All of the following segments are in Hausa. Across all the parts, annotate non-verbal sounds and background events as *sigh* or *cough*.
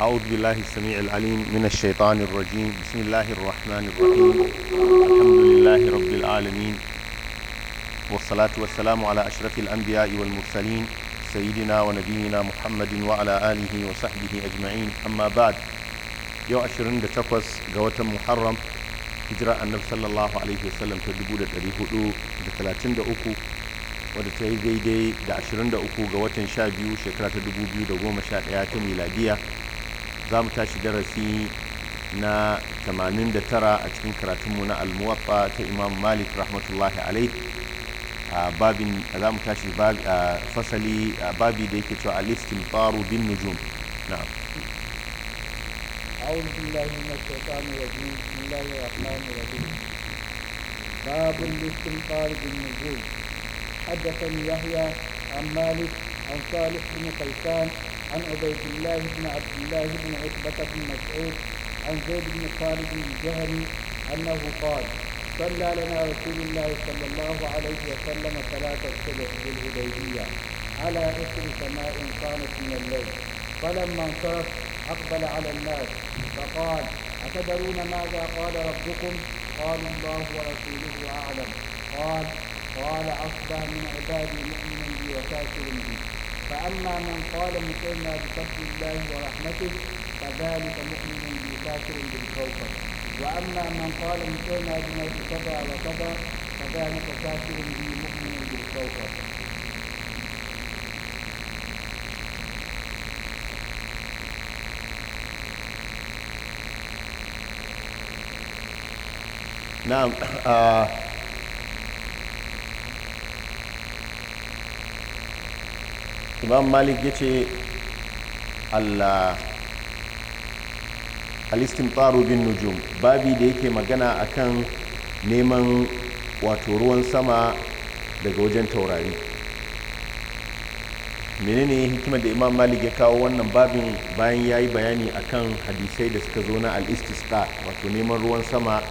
أعوذ بالله السميع العليم من الشيطان الرجيم بسم الله الرحمن الرحيم الحمد لله رب العالمين والصلاة والسلام على أشرف الأنبياء والمرسلين سيدنا ونبينا محمد وعلى آله وصحبه أجمعين أما بعد يو أشرين دتقوس قوة محرم هجرة النبي صلى الله عليه وسلم تدبو دتريه دو دتلاتين دأكو wadda ta yi daidai da 23 ga watan 12 shekara ta 2011 ta miladiya za mu tashi darasi na 89 a cikin karatunmu na almuwatta ta imam malik rahmatullahi alaih babin za mu tashi fasali babi da yake cewa al-istimtaru bin nujum na'am أعوذ بالله من الشيطان الرجيم بسم الله الرحمن الرحيم باب الاستنقار بالنجوم حدثني يحيى عن مالك عن صالح بن قيسان عن عبيد الله بن عبد الله بن عتبة بن مسعود عن زيد بن خالد الجهني أنه قال صلى لنا رسول الله صلى الله عليه وسلم ثلاثة الصبح بالهديبية على إثر سماء كانت من الليل فلما انصرف أقبل على الناس فقال أتدرون ماذا قال ربكم قالوا الله ورسوله أعلم قال قال أصبح من عبادي مؤمن بي وكافر بي فأما من قال مطرنا بفضل الله ورحمته فذلك مؤمن بكافر بالكوكب وأما من قال مطرنا بموت كذا وكذا فذلك كافر به مؤمن بالكوكب نعم آه imam malik ya ce alistimtaru bin nujum babi da yake magana akan neman wato ruwan sama daga wajen taurari menene hikimar da imam malik ya kawo wannan babin bayan ya yi bayani akan hadisai da suka zo na al wato neman ruwan sama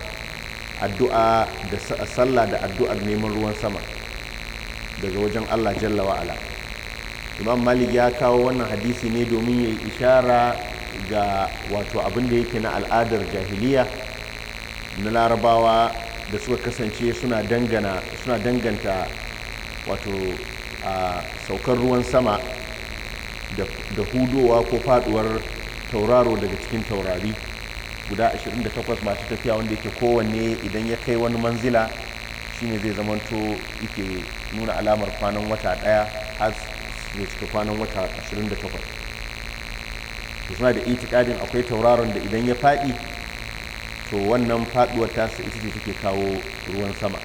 addu'a da sallah da addu'ar neman ruwan sama daga wajen allah jalla wa'ala imam malik ya kawo wannan hadisi ne domin ya ishara ga wato abin da yake na al'adar jahiliya na larabawa da suka kasance suna danganta wato a saukar ruwan sama da hudowa ko faduwar tauraro daga cikin taurari guda 28 masu tafiya wanda yake kowanne idan ya kai wani manzila shine zai zamanto yake nuna alamar kwanan wata daya ne cika kwanan wata 28 su suna da itikadin akwai tauraron da idan ya faɗi to wannan faɗuwar tasa ita ce take kawo ruwan sama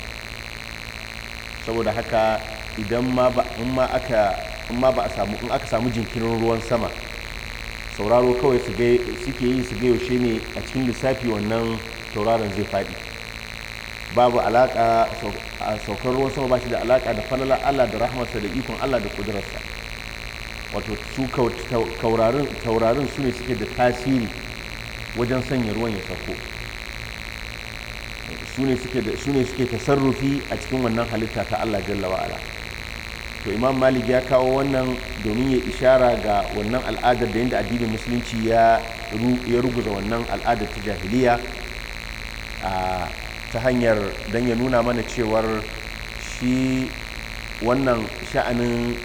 saboda haka idan ma ba in aka samu in jinkirin ruwan sama sauraro kawai su suke yi su ga yaushe ne a cikin lissafi wannan tauraron zai faɗi babu a saukar ruwan sama ba shi da alaƙa da falala Allah da rahmarsa da ikon Allah da kudurarsa wato su taurarin su ne suke da tasiri wajen sanya ruwan ya sauko su ne suke tasarrufi a cikin wannan halitta ta Allah jalla wa'ala to imam malik ya kawo wannan domin ya ishara ga wannan al'adar da yadda addinin musulunci ya ruguza wannan al'adar ta jahiliya ta hanyar don ya nuna mana cewar shi wannan sha'anin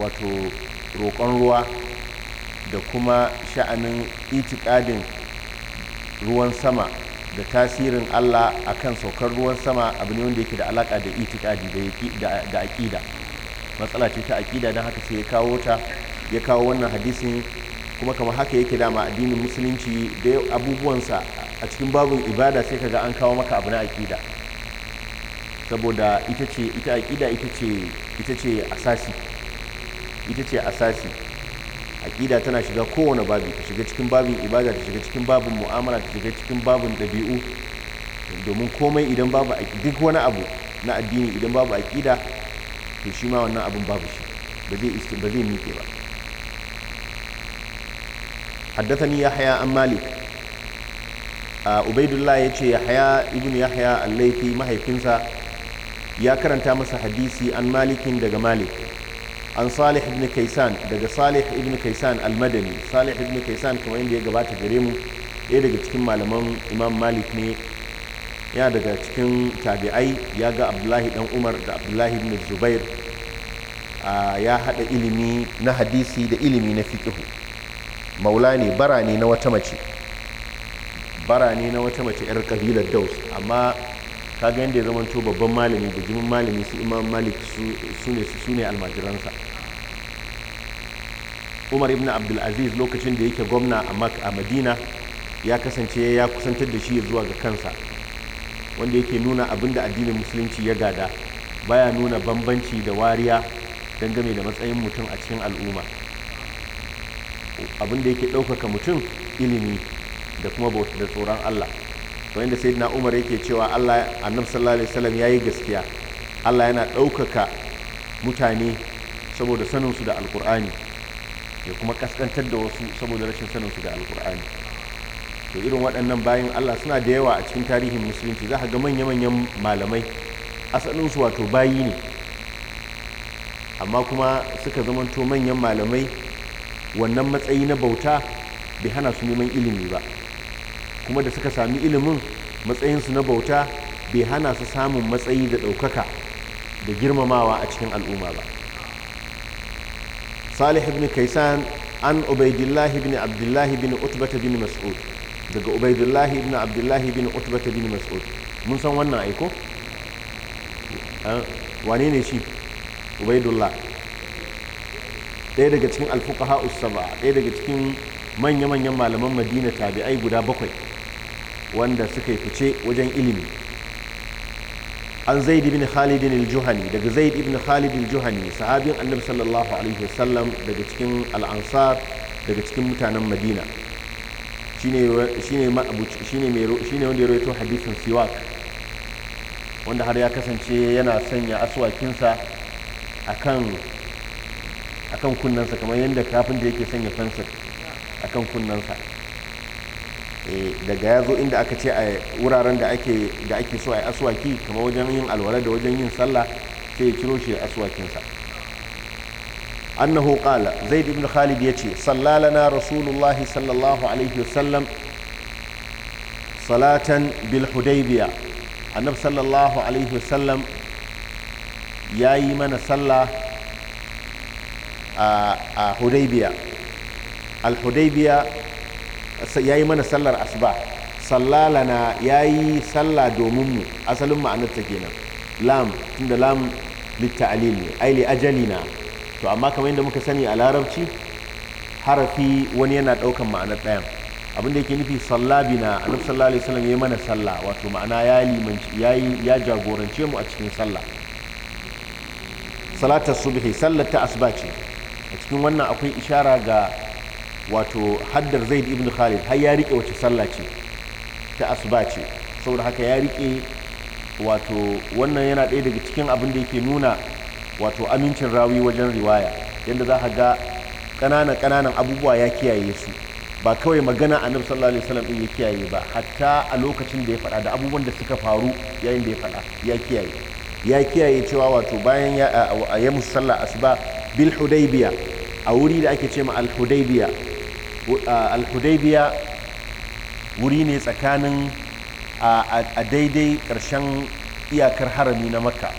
wato roƙon ruwa da kuma sha'anin itikadin ruwan sama da tasirin Allah a kan saukar ruwan sama abu ne wanda yake da alaƙa da itikadi da aƙida matsala ce ta aƙida don haka sai ya kawo ta ya kawo wannan hadisin kuma kamar haka yake dama addinin musulunci da abubuwansa a cikin babin ibada sai kaga an kawo maka abu na aƙida saboda ita ce ita aƙida ita ce ita ce asasi ita ce asasi aƙida tana shiga kowane babi ta shiga cikin babin ibada ta shiga cikin babin mu'amala ta shiga cikin babin ɗabi'u domin komai idan babu duk wani abu na addini idan babu aƙida to shi ma wannan abin babu shi ba zai ba zai miƙe ba haddathani yahya an malik ubaidullah ya ce yahya ibn yahya al-laifi mahaifinsa ya karanta masa hadisi an malikin daga malik an salih ibn kaisan daga salih ibn kaisan almadani salih ibn kaisan kamar yadda ya gabata gare mu ɗaya daga cikin malaman imam malik ne ya daga cikin tabi'ai ya ga abdullahi dan umar da abdullahi ibn zubair ya haɗa ilimi na hadisi da ilimi na fiƙihu maula ne bara ne na wata mace bara ne na wata mace 'yar kabilar daus amma kaga yadda ya zamanto babban malami da jimin malami su imam malik su ne almajiransa umar ibn abdulaziz lokacin da yake gwamna a madina ya kasance ya kusantar da shi zuwa ga kansa wanda yake nuna abin da addinin musulunci ya gada baya nuna bambanci da wariya dangane da matsayin mutum a cikin al'umma abin da yake ɗaukaka mutum ilimi da kuma da tsoron allah kamar yadda sayyidina umar yake cewa Allah annabi sallallahu alaihi wasallam yayi gaskiya Allah yana ɗaukaka mutane saboda saninsu da alkur'ani ya kuma kaskantar da wasu saboda rashin saninsu da alkur'ani to irin waɗannan bayan Allah suna da yawa a cikin tarihin musulunci za ga manya-manyan malamai asalin wato bayi ne amma kuma suka zamanto manyan malamai wannan matsayi na bauta bai hana su neman ilimi ba kuma da suka sami ilimin matsayinsu na bauta bai hana su samun matsayi da ɗaukaka da girmamawa a cikin al'umma ba salih ibn kaisan an ubaidillahi ibn abdullahi bin ta bin mas'ud daga ubaidillahi ibn abdullahi bin ta bin mas'ud mun san wannan aiko eh, wane ne shi ubaidullah ɗaya daga cikin alfuka us ɗaya daga cikin manya-manyan malaman madina tabi'ai guda bakwai wanda suka yi fice wajen ilimi an zaid ibn khalid al-juhani daga zaid ibn khalid al-juhani sahabin annabi sallallahu alaihi wasallam daga cikin al-ansar daga cikin mutanen madina shine wanda ya rawaito hadisin siwak wanda har ya kasance yana sanya aswakinsa akan kunnensa kamar yadda kafin da yake sanya a akan kunnensa Eh, daga ya zo inda aka ce a wuraren da ake da ake so a yi aswaki kuma wajen yin alwala da wajen yin sallah sai ya ciro shi aswakinsa annahu qala zaid ibn khalid yace sallalana rasulullah sallallahu alaihi wasallam salatan bil hudaybiya annab sallallahu alaihi wasallam yayi mana sallah a hudaybiya al hudaybiya ya yi mana sallar asuba sallalana ya yi sallah domin mu asalin ma'anarta kenan lam tunda lam litta'alil ne ai ajali na to amma kamar yadda muka sani a larabci harafi wani yana ɗaukan ma'anar ɗayan abinda yake nufi sallabina annabi sallallahu alaihi wasallam ya mana sallah wato ma'ana ya limanci ya jagorance mu a cikin sallah salatar subhi sallar ta asuba ce a cikin wannan akwai ishara ga wato haddar zaid ibn khalid har ya rike wace sallah ce ta asuba ce saboda haka ya rike wato wannan yana ɗaya daga cikin abin da yake nuna wato amincin rawi wajen riwaya yadda za ka ga ƙananan ƙananan abubuwa ya kiyaye su ba kawai magana a nan sallallahu alaihi wasallam din ya kiyaye ba hatta a lokacin da ya faɗa da abubuwan da suka faru yayin da ya faɗa ya kiyaye ya kiyaye cewa wato bayan ya ya sallah asuba bil hudaybiya a wuri da ake ce ma al hudaybiya al wuri ne tsakanin a daidai ƙarshen iyakar harami na makka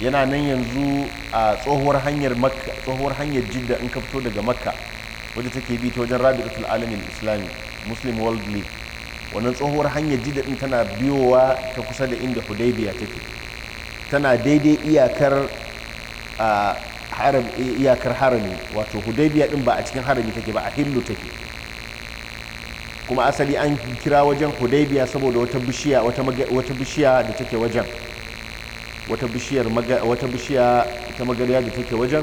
yana nan yanzu a tsohuwar hanyar makka tsohuwar jidda in ka fito daga makka wadda take bi ta wajen rabi'atul alamin islami muslim world league wannan tsohuwar hanyar jidda din tana biyowa ta kusa da inda hudaibiya take tana daidai iyakar haram iyakar harami wato hudaybiya din ba a cikin harami take ba a hindu take kuma asali an kira wajen hudaybiya saboda wata bishiya wata wata bishiya da take wajen wata bishiyar wata bishiya ta magariya da take wajen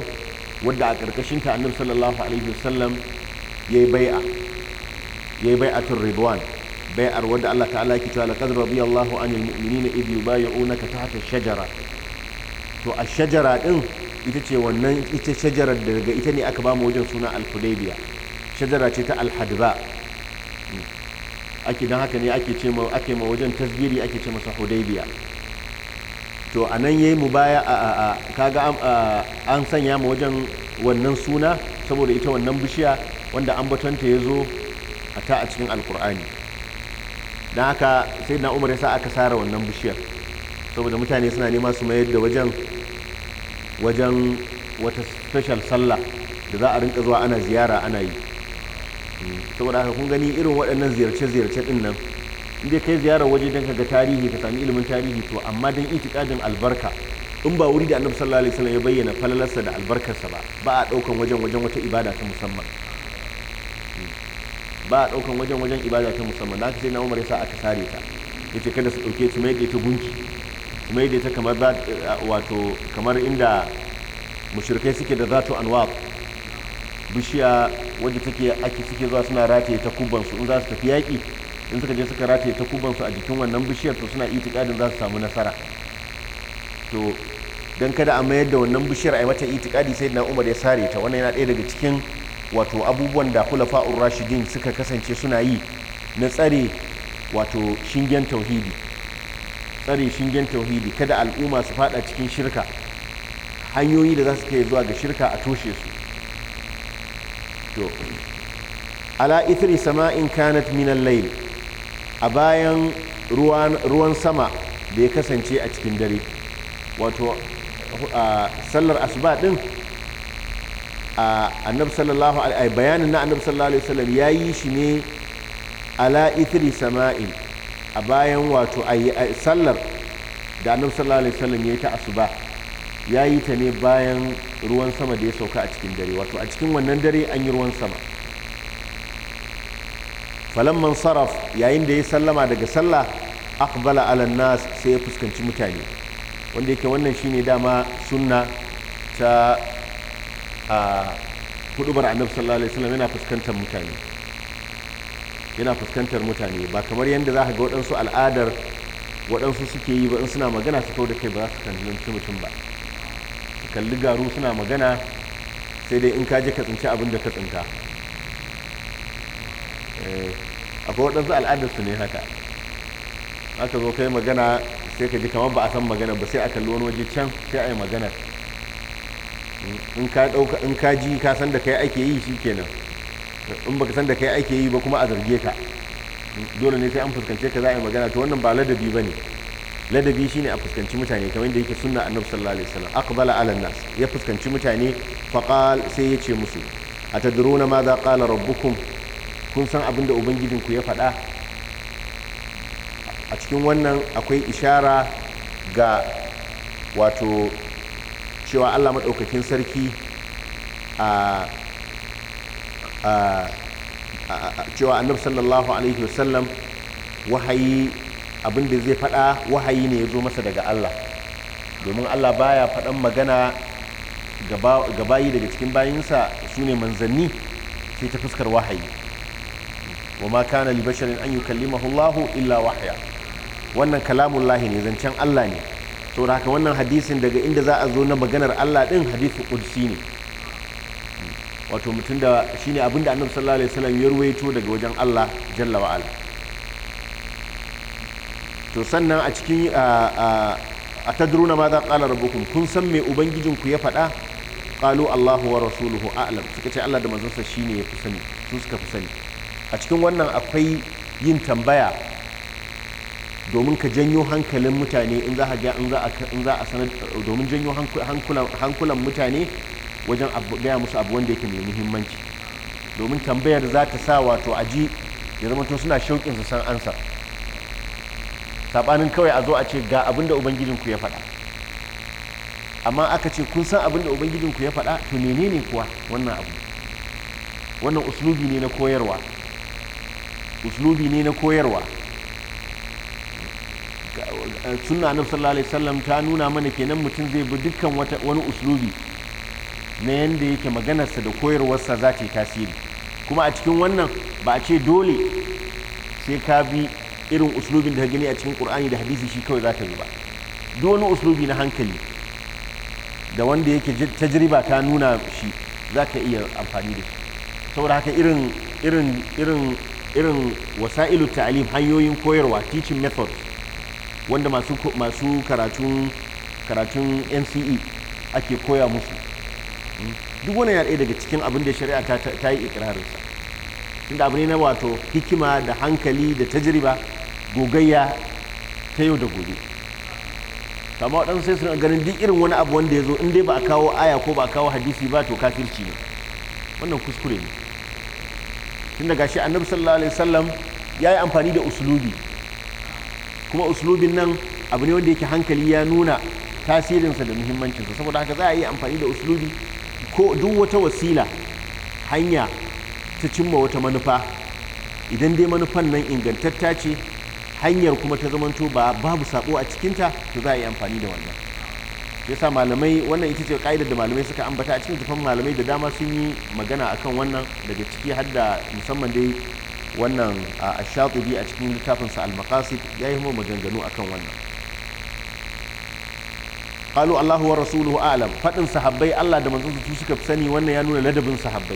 wadda a karkashin ta annabi sallallahu alaihi wasallam yayi bai'a yayi bai'atul ridwan bai'ar wadda Allah ta'ala yake cewa laqad radiyallahu anil mu'minina idh yubayyi'unaka tahta ash-shajara to ash-shajara din ita ce wannan ita shajarar da daga ita ne aka ba mu wajen suna al shajara ce ta al ake don haka ne ake ce ma ake ma wajen tasbiri ake ce masa hudaibiya to a nan ya yi mu baya kaga an sanya ma wajen wannan suna saboda ita wannan bishiya wanda an ambatonta ya zo a ta a cikin alkur'ani don haka sai na umar ya sa aka sara wannan bishiyar saboda mutane suna nema su mayar da wajen wajen wata special sallah da za a rinka zuwa ana ziyara ana yi saboda haka kun gani irin waɗannan ziyarce-ziyarce ɗin nan inda kai ziyarar waje don ga tarihi ka sami ilimin tarihi to amma don itikadin albarka in ba wuri da annabi sallallahu alaihi wasallam ya bayyana falalarsa da albarkarsa ba ba a ɗaukan wajen wajen wata ibada ta musamman ba a ɗaukan wajen wajen ibada ta musamman da aka sai na umar ya sa aka sare ta yace kada su ɗauke ta mai ta gunki kuma yadda ta kamar eh, wato kamar inda mushrikai suke da zatu anwar bishiya wadda take ake suke zuwa suna rataye ta kubansu in za su tafi yaƙi in suka je suka rataye ta kubansu a jikin wannan bishiyar to suna itikadin za su samu nasara to don kada a mayar da wannan bishiyar a yi mata itikadi sai na umar ya sare ta wannan yana ɗaya daga cikin wato abubuwan da khulafa'ur rashidin suka kasance suna yi na tsare wato shingen tauhidi tsare shingen tauhidi kada al'umma su fada cikin shirka hanyoyi da za su kai zuwa ga shirka a toshe su to ala ithri sama'in kanat minan al-layl a bayan ruwan ruwan sama da ya kasance a cikin dare wato sallar asuba din annab sallallahu alaihi bayanin na annab sallallahu alaihi wasallam yayi shi ne ala ithri sama'in a bayan wato a sallar da annabi sallallahu alaihi wasallam ya yi ta asuba ya yi ta ne bayan ruwan sama da ya sauka a cikin dare wato a cikin wannan dare an yi ruwan sama falamman saraf yayin da ya sallama daga sallah akbala ala nas sai ya fuskanci mutane wanda yake wannan shine dama sunna ta hudubar annabi sallallahu alaihi wasallam yana fuskantar mutane yana fuskantar mutane ba kamar yadda za ka ga waɗansu al'adar waɗansu suke yi ba in suna magana su kawo da kai ba za su kalli mutum ba su kalli garu suna magana sai dai in ka je ka tsinci abin da ka tsinta eh, akwai waɗansu al'adar su ne haka aka zo kai magana sai ka ji kamar ba a san magana ba sai a kalli wani waje can sai a yi magana in ka ji ka san da kai ake yi shi kenan in baka san da kai ake yi ba kuma a zarge ka dole ne sai an fuskance ka za a yi magana to wannan ba ladabi ba ne ladabi shi ne a fuskanci mutane kamar yadda yake sunna annabi sallallahu alaihi wasallam aqbala ala nas ya fuskanci mutane faqal sai ya ce musu atadruna ma za qala rabbukum kun san abin da ubangijinku ya faɗa a cikin wannan akwai ishara ga wato cewa allah maɗaukakin sarki a cewa annabi sallallahu alaihi wasallam wahayi abin da zai faɗa wahayi ne ya zo masa daga Allah domin Allah baya faɗan magana ga bayi daga cikin bayinsa su ne manzanni sai ta fuskar wahayi wa ma kana li basharin an yukallimahu Allahu illa wahya wannan kalamun lahi ne zancen Allah ne saboda haka wannan hadisin daga inda za a zo na maganar Allah din hadisi qudsi ne wato mutum da shi ne da annabi sallallahu alaihi wasallam ya ruwaito daga wajen Allah jalla wa ala to sannan a cikin a tadruna ma za ƙala rabbukum kun san me ubangijinku ya faɗa qalu Allahu wa rasuluhu a'lam suka ce Allah da manzonsa ne ya fi sani su suka fi sani a cikin wannan akwai yin tambaya domin ka janyo hankalin mutane in za a sanar domin janyo hankulan mutane wajen gaya musu abu wanda yake mai muhimmanci domin tambayar za ta sa wato a ji ya zama to suna shauƙin su san ansa saɓanin kawai a zo a ce ga abin da ubangijinku ya faɗa amma aka ce kun san abin da ubangijinku ya faɗa to menene kuwa wannan abu wannan uslubi ne na koyarwa uslubi ne na koyarwa eh, sunna annabi sallallahu alaihi wasallam ta nuna mana kenan mutum zai bi dukkan wani uslubi na yadda yake maganarsa da koyarwarsa za ta yi tasiri kuma a cikin wannan ba a ce dole sai ka bi irin uslubin da gani a cikin qur'ani da hadisi shi kawai za ta zuba ba duk wani uslubi na hankali da wanda yake ta tajriba ta nuna shi za ka iya amfani da shi saboda haka irin irin irin irin wasa'ilu ta'alim hanyoyin koyarwa teaching method wanda masu masu karatun karatun NCE ake koya musu duk wani yare daga cikin abin da shari'a ta yi ikirarinsa tunda abu ne na wato hikima da hankali da tajriba gogayya ta yau da gobe amma waɗansu sai suna ganin duk irin wani abu wanda ya zo in dai ba a kawo aya ko ba a kawo hadisi ba to kafirci ne wannan kuskure ne tun daga shi annabi sallallahu alaihi wasallam ya yi amfani da usulubi kuma usulubin nan abu ne wanda yake hankali ya nuna tasirinsa da muhimmancinsa saboda haka za a yi amfani da usulubi ko duk wata wasila hanya ta cimma wata manufa idan dai manufan nan ingantatta ce hanyar kuma ta zamanto ba babu sabo a cikinta to za a yi amfani da wannan yasa malamai wannan ita ce ka'idar da malamai suka ambata a cikin tufan malamai da dama sun yi magana akan wannan daga ciki har da musamman dai wannan a shatubi a cikin littafinsa al-maqasid ya yi maganganu akan wannan kalu Allahu wa rasuluhu a'lam fadin sahabbai Allah da manzon su suka sani wannan ya nuna ladabin sahabbai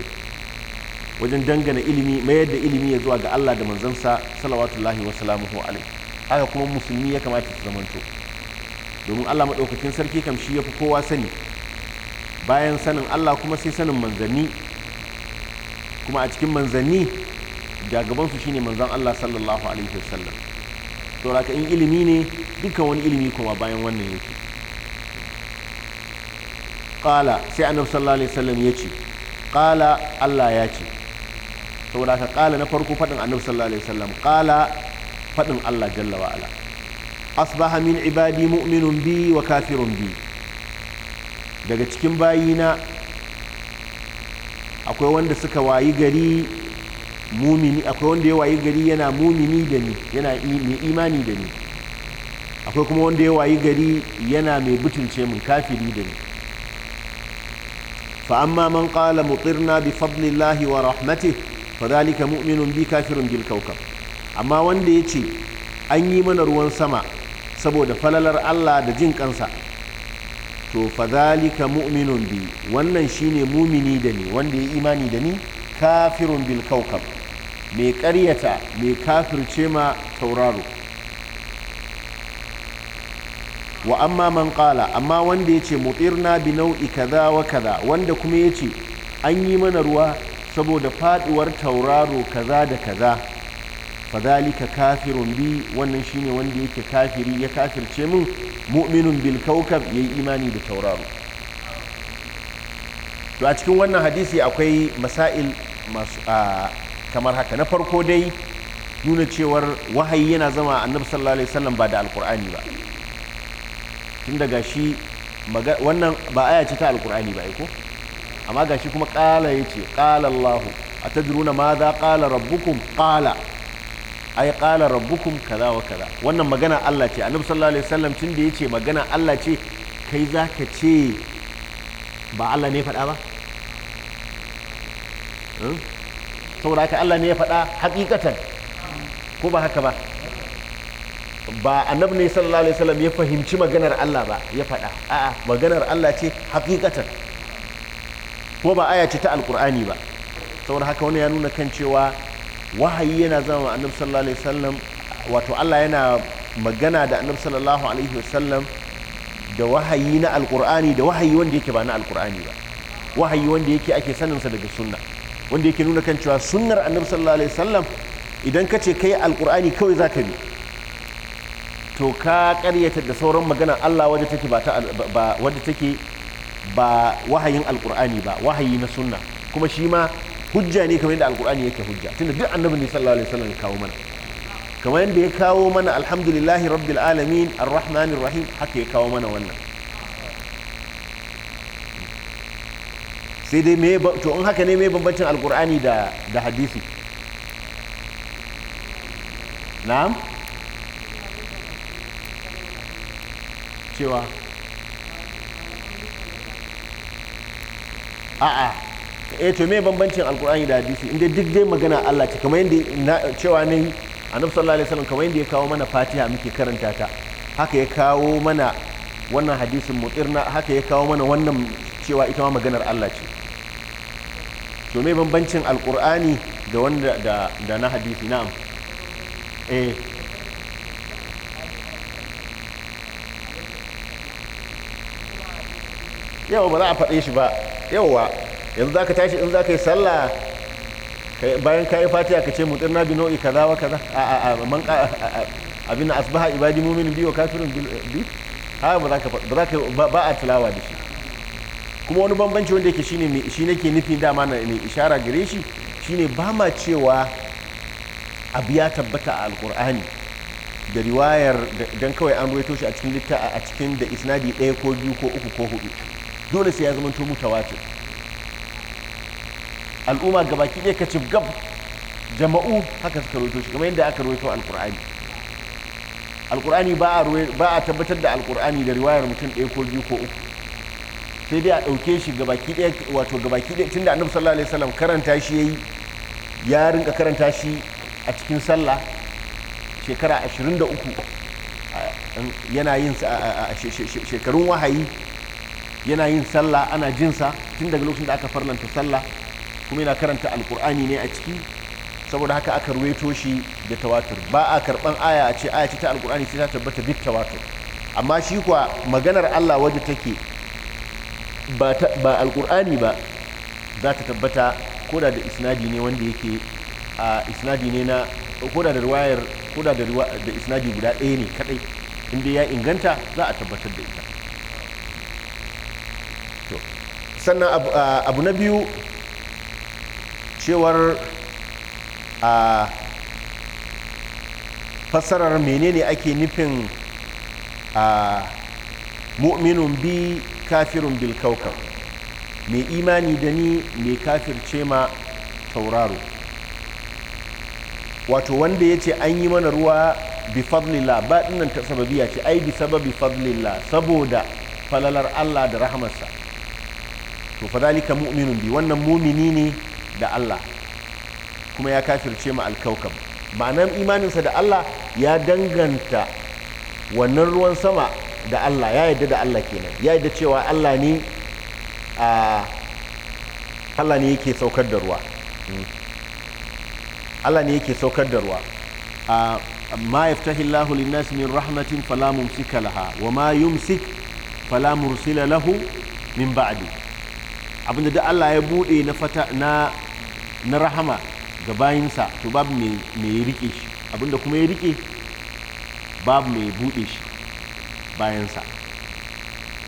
wajen dangana ilimi mayar da ilimi ya zuwa ga Allah da manzansa salawatullahi wa salamuhu alaihi haka kuma musulmi ya kamata su zamanto domin Allah madaukakin sarki kam shi fi kowa sani bayan sanin Allah kuma sai sanin manzanni kuma a cikin manzanni su shine manzon Allah sallallahu alaihi wasallam to in ilimi ne dukkan wani ilimi kuma bayan wannan yake qala sai annabi sallallahu alaihi wasallam ya ce qala Allah ya ce saboda ka qala na farko fadin annabi sallallahu alaihi wasallam qala fadin Allah jalla wa ala asbaha min ibadi mu'minun bi wa kafirun bi daga cikin bayina akwai wanda suka wayi gari mumini akwai wanda ya wayi gari yana mumini da ni yana mai imani da ni akwai kuma wanda ya wayi gari yana mai butulce min kafiri da ni ƙala mu فأما من قال مطرنا بفضل الله ورحمته فذلك مؤمن Amma wanda ya ce an yi mana ruwan sama saboda falalar Allah da jin ƙansa, to fadhalika mu'minun bi wannan shine mumini da ni wanda ya imani da ni kafirun bil kaukab mai karyata mai kafirce ma tauraro wa amma man qala amma wanda ya yace mutirna bi nau'i kaza wa kaza wanda kuma ya ce an yi mana ruwa saboda faduwar tauraro kaza da kaza zalika kafirun bi wannan shine wanda yake kafiri ya kafirce min mu'minun bil kaukab yayi imani da tauraro to a cikin wannan hadisi akwai masail masu kamar haka na farko dai nuna cewar wahayi yana zama annabi sallallahu alaihi wasallam ba da alqur'ani ba tun da shi wannan ba aya ce ta alkur'ani ba ko amma gashi kuma ƙala ya ce ƙala allahu a ta na ma za ƙala rabbukum ƙala ai ƙala rabbukun kaza wa kaza wannan magana allah ce annabi sallallahu alaihi wasallam tun da ya ce magana allah ce kai za ka ce ba allah ne faɗa ba hmm? saboda haka allah ne ya faɗa hakikatan ko ba haka ba ba annabi ne sallallahu alaihi wasallam ya fahimci maganar Allah ba ya faɗa a'a maganar Allah ce hakikatan ko ba aya ce ta alqur'ani ba saboda haka wani ya nuna kan cewa wahayi yana zama annabi sallallahu alaihi wasallam wato Allah yana magana da annabi sallallahu alaihi wasallam da wahayi na alqur'ani da wahayi wanda yake ba na alqur'ani ba wahayi wanda yake ake sa daga sunna wanda yake nuna kan cewa sunnar annabi sallallahu alaihi wasallam idan ka ce kai alqur'ani kawai zaka bi to ka karyata da sauran magana Allah wadda take ba ta ba wadda take ba wahayin alqur'ani ba wahayi na sunna kuma shi ma hujja ne kamar yadda alqur'ani yake hujja tunda duk annabi ne sallallahu alaihi wasallam ya kawo mana kamar yadda ya kawo mana alhamdulillahi rabbil alamin arrahmanir rahim haka ya kawo mana wannan sai dai me to in haka ne me bambancin alqur'ani da da hadisi na'am cewa a'a eh to me bambancin alkur'ani da hadisi inda duk dai magana Allah ce kamar yadda cewa ne annabi sallallahu alaihi wasallam kamar yadda ya kawo mana fatiha muke karanta ta haka ya kawo mana wannan hadisin mutirna haka ya kawo mana wannan cewa ita ma maganar Allah ce to me bambancin alkur'ani da wanda da na hadisi na'am eh yau ba za a faɗe shi ba yauwa yanzu za ka tashi in za ka yi sallah bayan ka yi fatiya ka ce na bi nau'i kaza wa kaza a a abin asbaha ibadi mu'minin biyu wa kafirun biyu ha ba za ka ba a tilawa da shi kuma wani bambanci wanda yake shine shi nufin nufi dama na mai ishara gare shi shine ba ma cewa abu ya tabbata a alkur'ani da riwayar don kawai an ruwaito shi a cikin a cikin da isnadi ɗaya ko biyu ko uku ko hudu dole sai ya zama to wace al'umma gabaki ɗaya ci gab jama'u haka suka roto shi kamar yadda aka roto alqur'ani alqur'ani ba a ba a tabbatar da alqur'ani da riwayar mutum ɗaya ko biyu ko uku sai dai a ɗauke shi gabaki ɗaya wato gabaki ɗaya tunda annabi sallallahu alaihi wasallam karanta shi yayi ya rinka karanta shi a cikin sallah shekara 23 yana yin shekarun wahayi yana yin sallah ana jinsa tun daga lokacin da aka farlanta sallah kuma yana karanta alkur'ani ne a ciki saboda haka aka ruweto toshi da tawatur ba a karban aya a ce aya ce ta alkur'ani sai ta tabbata duk tawatur amma shi kuwa maganar Allah wadda take ba alkur'ani ba za ta tabbata koda da isnadi ne wanda yake a isnadi ne na koda da koda da isnadi guda ɗaya ne kadai inda ya inganta za a tabbatar da ita sannan abu na biyu cewar a fassarar menene ake nufin a mu'minun bi kafirun bilkaukar? mai imani da ni mai kafirce ma tauraro wato wanda ya ce an yi mana ruwa bi fadlila ba dinnan ta sababiya ce ai bi sababi fadlila saboda falalar Allah da rahamarsa to fa zalika mu'minun bi wannan mumini ne da Allah kuma ya kafirce ma alkaukab ma'anar imaninsa da Allah ya danganta wannan ruwan sama da Allah ya yadda da Allah kenan ya yadda cewa Allah ne a Allah ne yake saukar da ruwa Allah ne yake saukar da ruwa ma yaftahi Allahu min rahmatin fala mumsika laha wa ma yumsik fala mursila lahu min ba'di abinda da Allah ya buɗe na fata na na rahama ga bayinsa to babu mai mai rike shi abinda kuma ya rike babu mai buɗe shi bayansa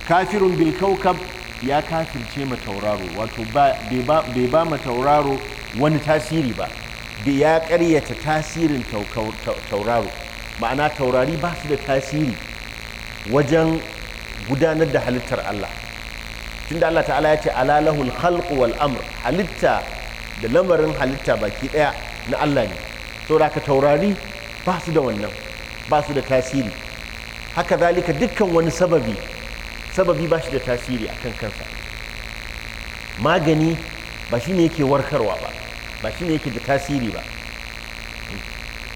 kafirun bil kaukab ya kafirce ma tauraro wato bai ba ma tauraro wani tasiri ba da ya karyata tasirin tauraro ma'ana taurari ba su da tasiri wajen gudanar da halittar Allah tunda Allah ta'ala ya ce ala lahul khalqu wal amr halitta da lamarin halitta baki daya na Allah ne da ka taurari ba su da wannan ba su da tasiri haka zalika dukkan wani sababi sababi ba shi da tasiri akan kansa magani ba shi ne yake warkarwa ba ba shi ne yake da tasiri ba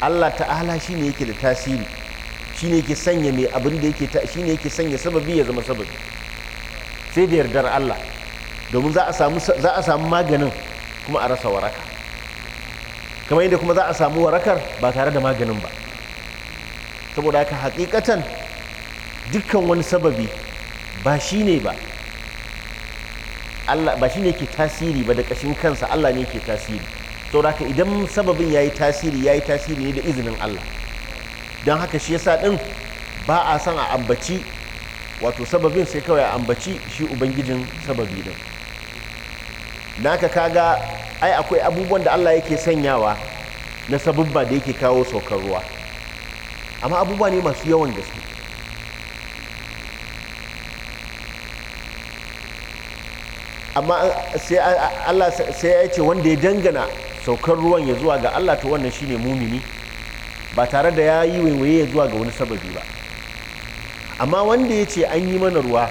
Allah ta'ala shi ne yake da tasiri shi ne yake sanya mai abin da yake shi ne yake sanya sababi ya zama sababi sai da yardar Allah domin za a samu maganin kuma a rasa waraka kamar yadda kuma za a samu warakar ba tare da maganin ba saboda haka hakikatan dukkan wani sababi ba shi ne ba Allah ba shi ne ke tasiri ba da kashin kansa Allah ne ke tasiri saboda haka idan sababin ya yi tasiri ya yi tasiri ne da izinin Allah don haka shi yasa ɗin ba a son a ambaci wato sababin sai kawai ambaci shi ubangijin sababi din naka kaga ai akwai abubuwan da Allah yake sanyawa na sababba da yake kawo saukar ruwa amma abubuwa ne masu yawan gaske amma sai Allah sai ya ce wanda ya dangana saukar ruwan ya zuwa ga Allah ta wannan shine mumini ba tare da ya yi waiwaye ya zuwa ga wani sababi ba amma wanda ya ce an yi mana ruwa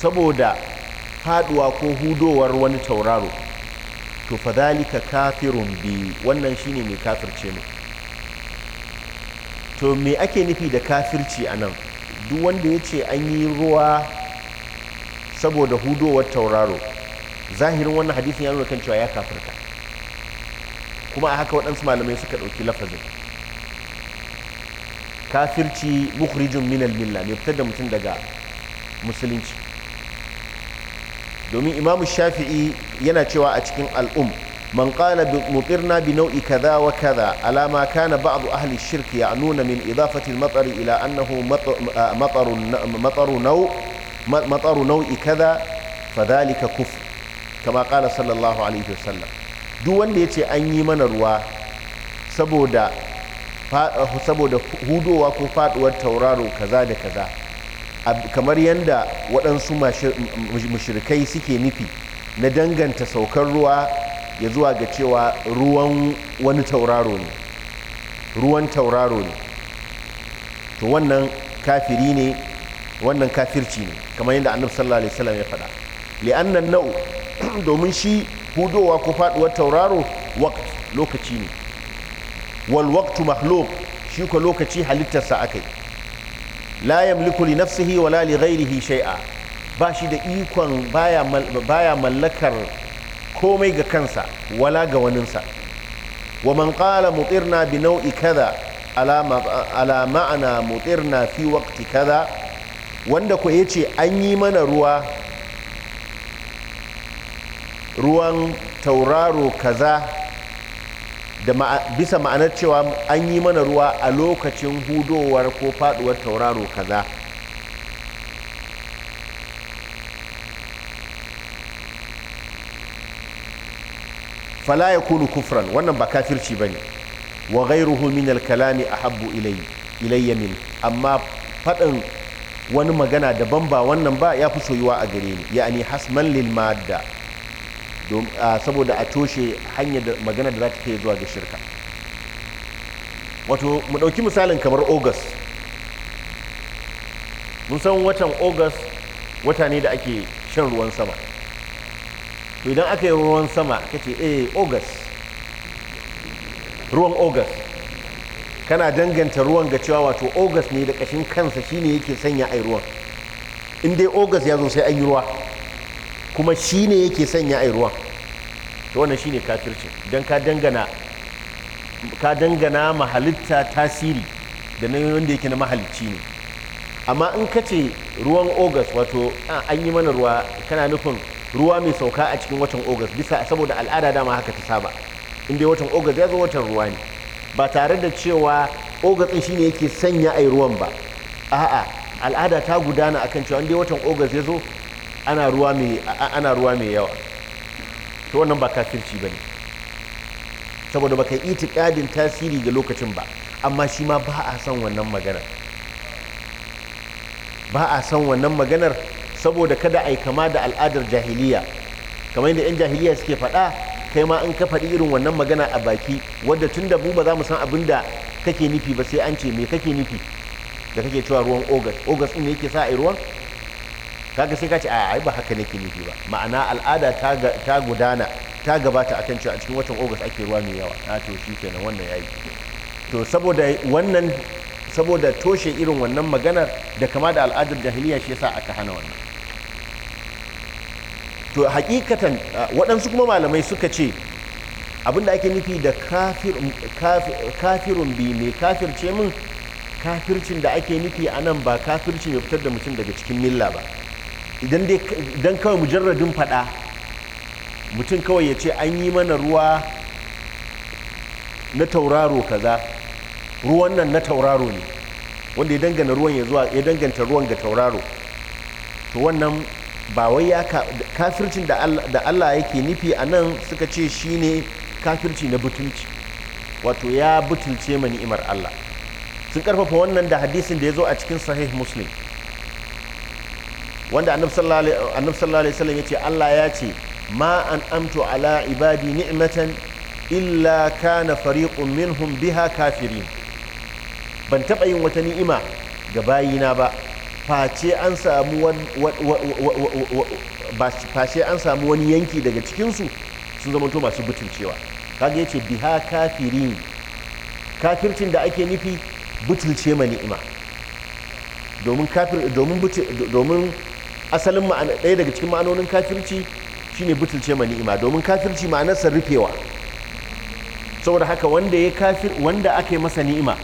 saboda faduwa ko hudowar wani tauraro to fa zalika kafirun bi wannan shine mai kafirce mu to me ake nufi da kafirci a nan duk wanda ya ce an yi ruwa saboda hudowar tauraro zahirin wannan hadisin ya nuna kan cewa ya kafirta kuma a haka waɗansu malamai suka ɗauki lafazin kafirci mukhrijun minal milla mai fitar da mutum daga musulunci domin imamu shafi'i yana cewa a cikin al'um man qala mutirna bi nau'i kaza wa kaza alama kana ba'du ahli shirk ya'nuna min idafati al-matar ila annahu mataru naw mataru nau'i kaza fadhalika kufr kama qala sallallahu alaihi sallam duk wanda yace an yi mana ruwa saboda saboda hudowa ko faduwar tauraro kaza da kaza kamar yadda waɗansu mushrikai suke nufi na danganta saukar ruwa ya zuwa ga cewa ruwan wani tauraro ne ruwan tauraro ne to wannan kafiri ne wannan kafirci ne kamar yadda annabi sallallahu alaihi wasallam ya faɗa li'annan nau *clears throat* domin shi hudowa ko faduwar tauraro lokaci ne wal waqtu shi ko lokaci halittarsa akai la yamliku li nafsihi wala li ghairihi shay'a ba shi da ikon baya baya mallakar komai ga kansa wala ga waninsa wa man qala mutirna bi nau'i kaza ala ma'ana mutirna fi waqti kaza wanda ko yace an yi mana ruwa ruwan tauraro kaza da bisa ma'anar cewa an yi mana ruwa a lokacin hudowar ko faduwar tauraro kaza fala ya kunu kufran wannan ba kafirci ba ne wa ghairuhu min alkalami ahabbu ilayya min amma fadin wani magana daban ba wannan ba ya fi soyuwa a gare ni ya'ani hasman lil madda Ah, saboda a toshe hanyar da magana da za ta kai zuwa ga shirka wato mu ɗauki misalin kamar august mun san watan august wata ne da ake shan ruwan sama to idan aka yi ruwan sama ka ce eh august ruwan august kana danganta ruwan ga cewa wato august ne da ƙashin kansa shine yake sanya ai ruwan in dai august ya zo sai an yi ruwa kuma shi ne yake sanya a yi ruwan to wannan shi ne kafircin don ka dangana mahalitta tasiri da nan wanda yake na mahalicci ne amma in ka ce ruwan ogas wato an yi mana ruwa kana nufin ruwa mai sauka a cikin watan ogas bisa saboda al'ada dama haka ta saba in dai watan ogas ya zo watan ruwa ne ba tare da cewa ogas shi ne yake sanya a yi ruwan ba a'a al'ada ta gudana akan cewa in dai watan ogas ya zo ana ruwa mai yawa to wannan ba kafirci bane saboda baka itikadin tasiri ga lokacin ba amma shi ma ba a son wannan maganar ba a son wannan maganar saboda kada a yi kama da al'adar jahiliya kamar yadda 'yan jahiliya suke faɗa kai ma an ka faɗi irin wannan magana a baki wadda tun da mu ba za mu san abin da kake nufi ba sai an ce me kake nufi da kake cewa ruwan ogas ogas ɗin ne yake sa a yi ruwan kaga sai ka ce ai ba haka nake nufi ba ma'ana al'ada ta gudana ta gabata kan cewa a cikin watan august ake ruwa mai yawa na to shi kenan wannan yayi to saboda wannan saboda toshe irin wannan maganar da kama da al'adar jahiliya shi yasa aka hana wannan to hakikatan waɗansu kuma malamai suka ce abin da ake nufi da kafirun bi mai kafirce min kafircin da ake nufi a nan ba kafirci ya fitar da mutum daga cikin milla ba idan kawai mujarradin faɗa mutum kawai ya ce an yi mana ruwa na tauraro kaza ruwan nan na tauraro ne wanda ya dangana ruwan ya zuwa ya danganta ruwan ga tauraro to wannan ba wai ya kafircin da Allah yake nufi a nan suka ce shi ne kafirci na butulci wato ya butulce ma ni'imar Allah sun karfafa wannan da hadisin da ya zo a cikin sahih muslim wanda annabi sallallahu alaihi wasallam yace Allah ya ce ma an amtu ala ibadi ni'matan illa kana fariqun minhum biha kafirin ban taɓa yin wata ni'ima ga bayina ba face an samu face an samu wani yanki daga cikinsu sun zama to masu butulcewa kaga yace biha kafirin kafircin da ake nufi butulce ma ni'ima domin kafir domin domin asalin ma'ana ɗaya daga cikin ma'anonin kafirci shine butulce ma ni'ima domin kafirci ma'anarsa rufewa saboda haka wanda ya kafir wanda aka yi masa ni'ima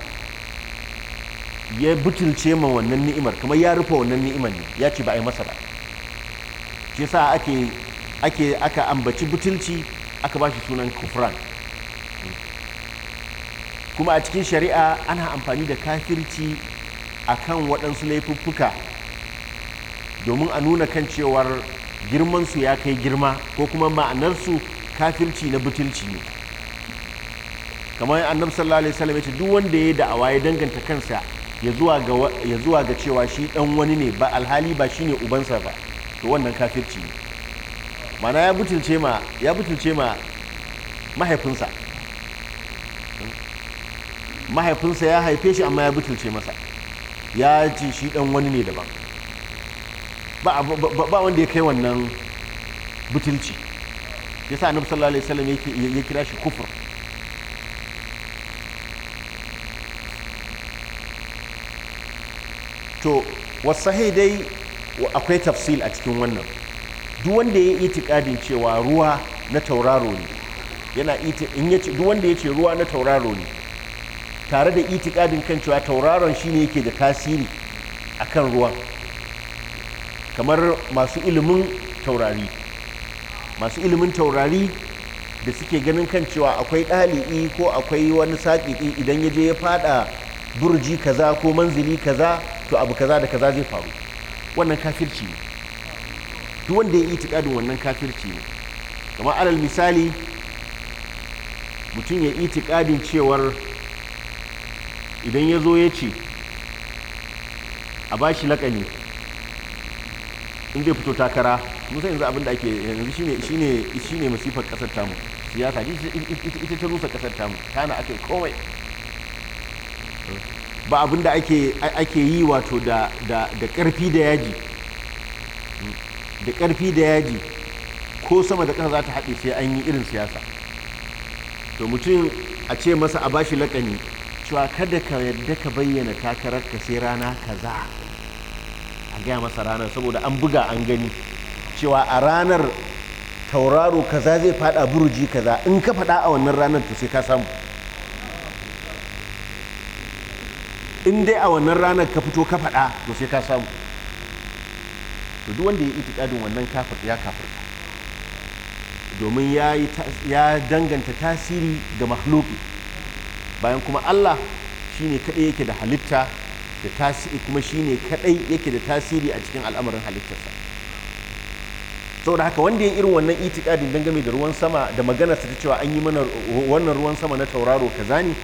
ya butulce ma wannan ni'imar kuma ya rufe wannan ni'imar ne ya ce ba a yi masa ba shi sa ake aka ambaci butulci aka ba shi sunan kufran kuma a cikin shari'a ana amfani da kafirci akan waɗansu laifuffuka domin a nuna kan cewar girmansu ya kai girma ko kuma ma'anarsu kafirci na butulci ne kamar annabi sallallahu alaihi wasallam ya ce duk wanda ya da'awa ya danganta kansa ya zuwa ga cewa shi dan wani ne ba alhali ba shine ubansa ba to wannan kafirci ne mana ya butulce ma ya butulce ma mahaifinsa mahaifinsa ya haife shi amma ya butulce masa ya ce shi dan wani ne daban ba wanda ya kai wannan butulci ya sa annabi sallallahu alaihi wasallam ya kira shi kufur to wasahai dai akwai tafsil a cikin wannan duk wanda ya yi itikadin cewa ruwa na tauraro ne yana yace duk wanda ce ruwa na tauraro ne tare da itikadin kan cewa tauraron shine yake da tasiri akan ruwan kamar masu ilimin taurari masu ilimin taurari da suke ganin kan cewa akwai ɗali'i ko akwai wani saƙiƙi idan ya je ya faɗa burji kaza ko manzili kaza to abu kaza da kaza zai faru wannan kafirci ne duk wanda ya yi itikadin wannan kafirci ne kuma alal misali mutum ya itikadin cewar idan ya zo ya ce a bashi laƙani in zai fito takara musa yanzu abin da ake yanzu shine shine shine masifar kasar tamu siyasa ita ta rusa kasar tamu na ake kowai ba abin da ake ake yi wato da da da karfi da yaji da karfi da yaji ko sama da ƙasa za ta haɗe sai an yi irin siyasa to mutum a ce masa a bashi lakani cewa kada ka yadda ka bayyana takararka sai rana kaza aka gaya masa ranar saboda an buga an gani cewa a ranar tauraro kaza zai fada buruji kaza in ka fada a wannan ranar to sai ka samu in dai a wannan ranar ka fito ka fada to sai ka samu to duk wanda ya yi itikadin wannan kafir ya kafir domin ya danganta tasiri ga makhluki bayan kuma Allah shine kaɗai yake da halitta da tasiri kuma shi ne kaɗai yake da tasiri a cikin al'amarin halittarsa saboda haka wanda ya irin wannan itikadin dangane da ruwan sama da magana ta cewa an yi mana wannan ruwan sama na tauraro kaza ne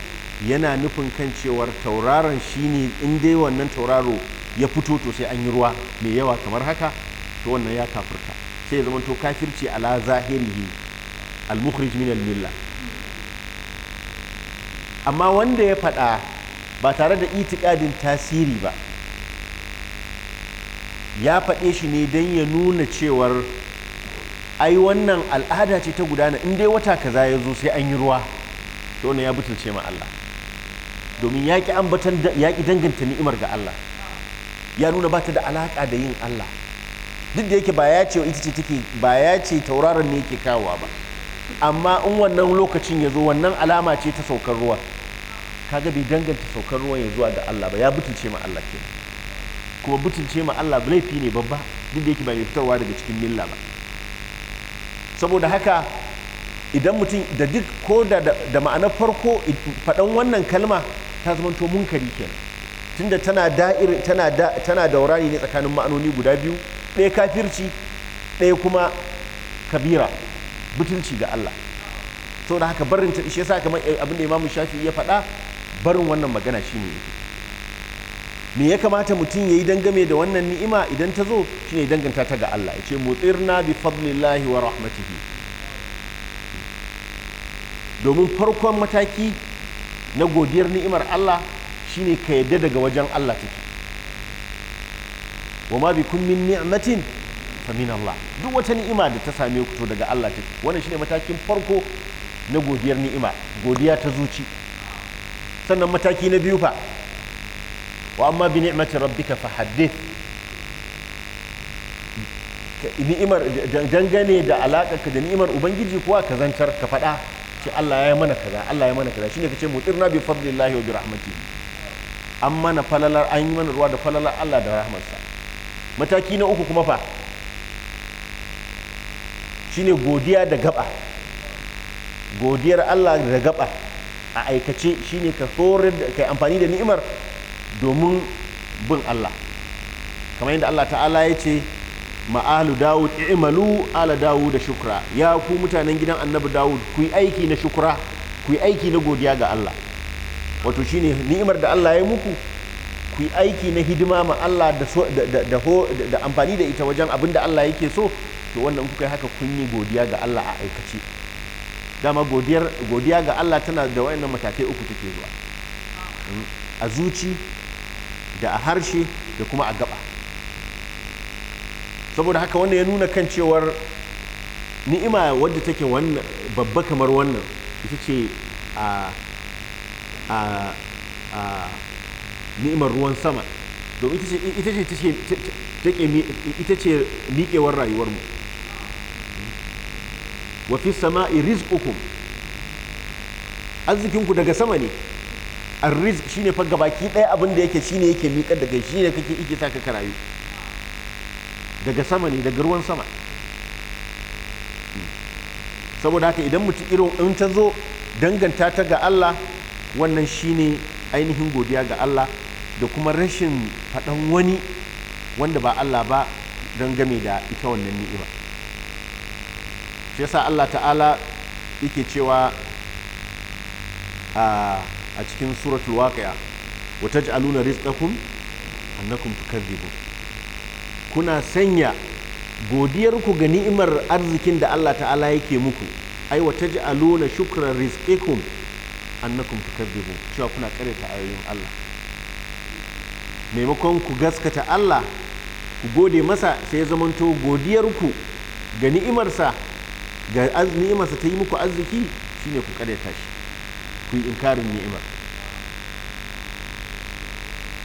yana nufin kan cewar tauraron shi ne in dai wannan tauraro ya fito to sai an yi ruwa mai yawa kamar haka to wannan ya kafirta sai ya zama to kafirci ala zahirihi al-mukhrij min al-milla amma wanda ya faɗa ba tare da itikadin tasiri ba ya faɗe shi ne don ya nuna cewar ai wannan al'ada ce ta gudana in dai wata kaza ya zo sai an yi ruwa to ya butulce ma Allah domin ya ki ambatan ya ki danganta ni'imar ga Allah ya nuna ba ta da alaƙa da yin Allah duk da yake ba ya ce ita ce take ba ya ce tauraron ne yake kawowa ba amma in wannan lokacin ya zo wannan alama ce ta saukar ruwa kaga bai danganta saukar ruwan ya zuwa ga Allah ba ya butulce ma Allah kenan kuma butulce ma Allah laifi ne babba duk da yake ba mai fitarwa daga cikin milla ba saboda haka idan mutum da duk ko da da ma'anar farko faɗan wannan kalma ta zama to munkari kenan tunda tana da'ir tana da tana daurari ne tsakanin ma'anoni guda biyu ɗaya kafirci ɗaya kuma kabira butulci ga Allah saboda haka barin ta shi yasa kamar eh, abin da Imam Shafi'i ya faɗa barin wannan magana shine yake me ya kamata mutum ya yi dangame da wannan ni'ima idan ta zo shine danganta ta ga Allah ce na bi fadlillahi wa rahmatihi domin farkon mataki na godiyar ni'imar Allah shine ka yadda daga wajen Allah take wa ma bi min ni'matin fa min Allah duk wata ni'ima da ta same ku to daga Allah take wannan shine matakin farko na godiyar ni'ima godiya ta zuci sannan mataki na biyu fa wa amma bi ni'mati rabbika fa haddith ni'imar dangane da ka da ni'imar ubangiji kuwa ka zancar ka faɗa ce Allah ya mana kaza Allah ya mana kaza shine kace mutirna bi fadlillahi wa bi rahmatihi an mana falalar an yi mana ruwa da falalar Allah da rahmarsa mataki na uku kuma fa shine godiya da gaba godiyar Allah da gaba a aikace shine ka horar yi amfani da ni'imar domin bin Allah kamar yadda Allah ta'ala ya ce ma'alu dawud i'malu ala dawud da shukra ya ku mutanen gidan annabi dawud ku yi aiki na shukra ku yi aiki na godiya ga Allah wato shine ni'imar da Allah ya muku ku yi aiki na hidima ma Allah da da amfani da ita wajen abin da Allah yake so to wannan kuka yi haka kun yi godiya ga Allah a aikace dama godiya ga Allah tana da wayannan matakai uku take zuwa hmm? a zuci da a harshe da kuma a gaba saboda haka wannan ya nuna kan cewar ni'ima wadda take wannan babba kamar wannan ita ce a a a ni'imar ruwan sama domin ita ce ita ce miƙewar rayuwarmu wa fi sama'i rizqukum arzikinku daga sama ne arrizq shine fa gabaki ɗaya abin da yake shine yake miƙar daga shine kake ike sa ka rayu daga sama ne daga ruwan sama saboda haka idan mutum irin in ta zo danganta ta ga Allah wannan shine ainihin godiya ga Allah da kuma rashin faɗan wani wanda ba Allah ba don game da ita wannan ni'ima shi yasa Allah ta'ala yake cewa a cikin suratul waqi'a wa taj'aluna rizqakum annakum tukadzibun kuna sanya godiyar ku ga ni'imar arzikin da Allah ta'ala yake muku ai wa taj'aluna shukran rizqikum annakum tukadzibun cewa kuna karyata ayoyin Allah maimakon ku gaskata Allah ku gode masa sai ya zamanto ku ga ni'imarsa ga ni'imarsa ta yi muku arziki shine ku ya shi ku yi inkarin ni'imar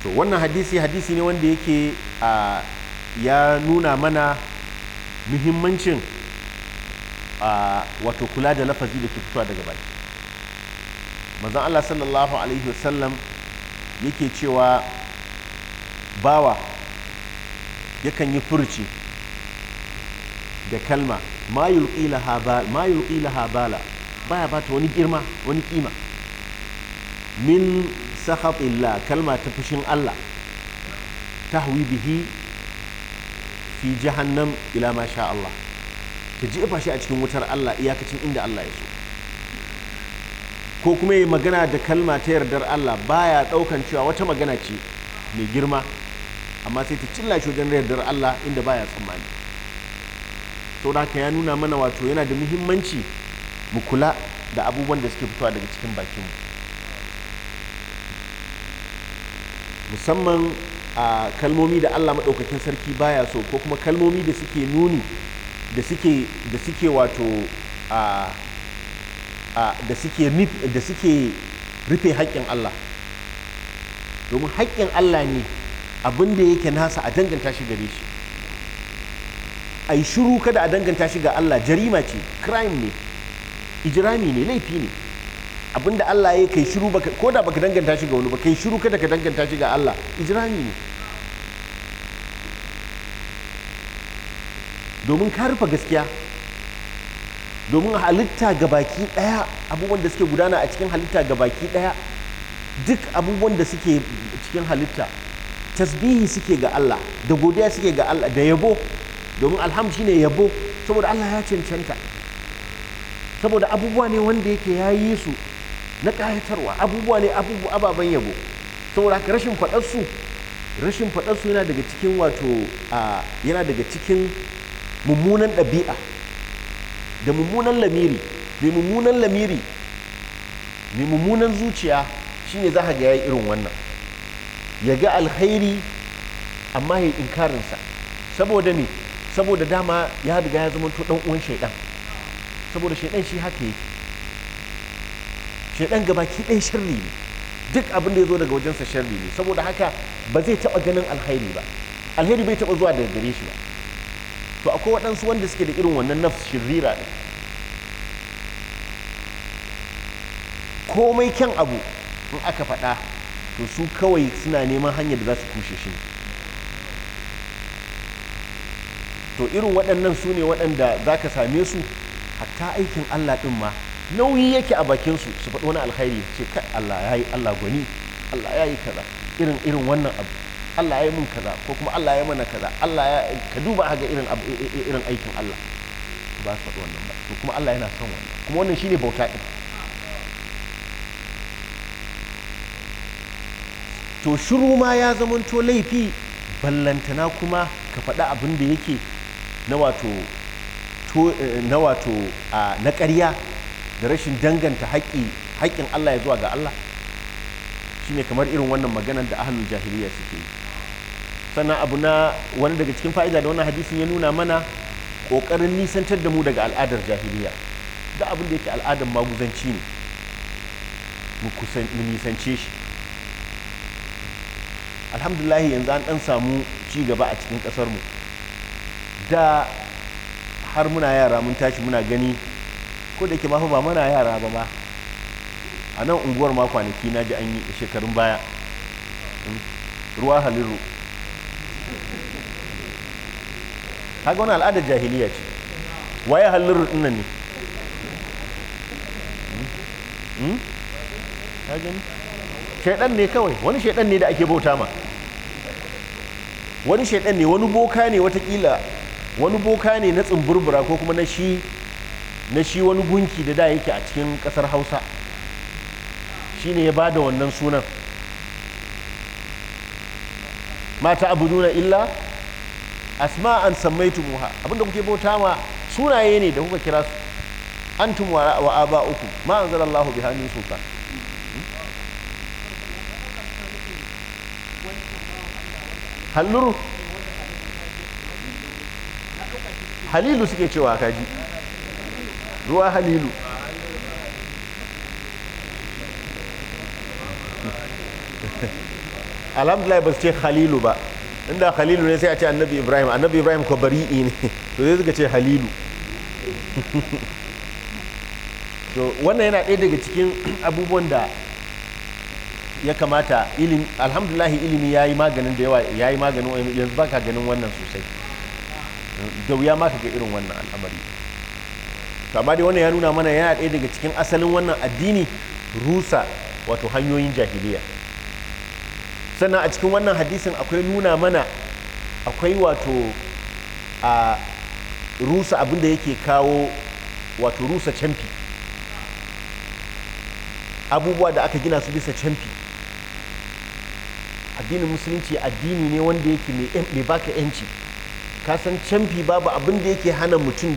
to wannan hadisi hadisi ne wanda yake a ya nuna mana muhimmancin a wato kula da lafazi da ke fitowa daga baki manzon Allah sallallahu alaihi wasallam yake cewa bawa yakan yi furci da kalma ma yulqi laha laha bala baya bata wani girma wani kima min sakhatillah kalma ta fushin Allah tahwi bihi fi jahannam ila ma sha Allah ta jefa shi a cikin wutar Allah iyakacin inda Allah ya so ko kuma yi magana da kalma ta yardar Allah baya daukan cewa wata magana ce mai girma amma sai ta cilla shi wajen yardar Allah inda baya tsammani saboda haka ya nuna mana wato yana da muhimmanci mu kula da abubuwan da suke fitowa daga cikin bakinmu musamman a kalmomi da allah maɗaukakin sarki baya so ko kuma kalmomi da suke nuni da suke wato da suke rufe haƙƙin allah domin haƙƙin allah ne abin da yake nasa a danganta shi gare shi a yi shiru kada a danganta shi ga Allah jarima ce crime ne ijirami ne laifi ne abinda Allah ya kai shiru baka ko da baka danganta shi ga wani ba kai shiru kada ka danganta shi ga Allah ijirami ne domin ka rufe gaskiya domin halitta ga baki daya abubuwan da suke gudana a cikin halitta ga baki daya duk abubuwan da suke cikin halitta tasbihi suke ga Allah da godiya suke ga Allah da yabo domin alham shine yabo saboda Allah ya cancanta saboda abubuwa ne wanda yake ya yi su na ƙayatarwa abubuwa ne ababen yabo saboda haka rashin faɗarsu rashin faɗarsu yana daga cikin wato yana daga cikin mummunan ɗabi'a da mummunan lamiri mai mummunan lamiri mai mummunan zuciya shine za ga ya irin wannan ya ga alkhairi amma ya inkarinsa saboda ne. saboda dama ya riga ya zama to dan uwan shaidan saboda shaidan shi haka yake shaidan ki ɗaya sharri ne duk abin da ya zo daga wajensa sharri ne saboda haka ba zai taɓa ganin alheri ba alheri bai taɓa zuwa daga gare shi ba to akwai waɗansu wanda suke da irin wannan nafs shirira ɗin komai kyan abu in aka faɗa to su kawai suna neman hanyar da za su kushe shi to irin waɗannan su ne waɗanda za ka same su hatta aikin allah ɗin ma nauyi yake a bakinsu su faɗo wani alkhairi ce kai allah ya yi allah gwani allah ya yi kaza irin irin wannan abu allah ya yi mun kaza ko kuma allah ya mana kaza allah ya ka duba haka irin irin aikin allah ba su faɗi wannan ba to kuma allah yana son wannan kuma wannan shine bauta ɗin to shiru ma ya zamanto laifi ballantana kuma ka faɗi abin da yake na wato eh, na ƙarya da rashin danganta haƙƙin Allah ya zuwa ga Allah shi ne kamar irin wannan maganar da ahlul jahiliya suke yi sannan abu na wani daga cikin fa'ida da wannan hadisin ya nuna mana ƙoƙarin nisantar da mu daga al'adar jahiliya da abin da yake al'adar maguzanci ne mu nisance shi alhamdulahi yanzu an ɗan samu ci gaba a cikin ƙasarmu da har muna yara mun tashi muna gani ko da ke ma ba muna yara ba ma a nan unguwar ma kwanaki na ji an yi shekarun baya ruwa haliru haka wani al'adar jahiliya ce waye haliru ɗin ne hmm? shaidan ne kawai wani shaidan ne da ake bauta ma wani shaidan ne wani boka ne watakila wani boka ne na tsumburbura ko kuma na shi shi wani gunki da da yake a cikin kasar hausa shi ne ya ba da wannan sunan mata abu nuna illa an sammaitu muha abinda kuke bauta ma sunaye ne da kuka kira su wa'aba wa aba uku ma allahu bi hannun sultan halluru halilu suke cewa kaji ruwa halilu *laughs* alhamdulillah ba su ce halilu ba inda halilu ne sai a ce annabi ibrahim annabi ibrahim ko bari'i ne *laughs* to zai suka ce halilu *laughs* to wannan yana ɗaya daga cikin abubuwan da ya kamata alhamdulahi ilimi ya yi maganin da yawa ya yi maganin yanzu ba ka ganin wannan sosai da wuya ma ka ga irin wannan al'amari to amma dai wannan ya nuna mana yana ɗaya daga cikin asalin wannan addini rusa wato hanyoyin jahiliya sannan a cikin wannan hadisin akwai nuna mana akwai wato a rusa abinda yake kawo wato rusa camfi abubuwa da aka gina su bisa camfi addinin musulunci addini ne wanda yake mai baka 'yanci kasan san canfi babu abin da yake hana mutum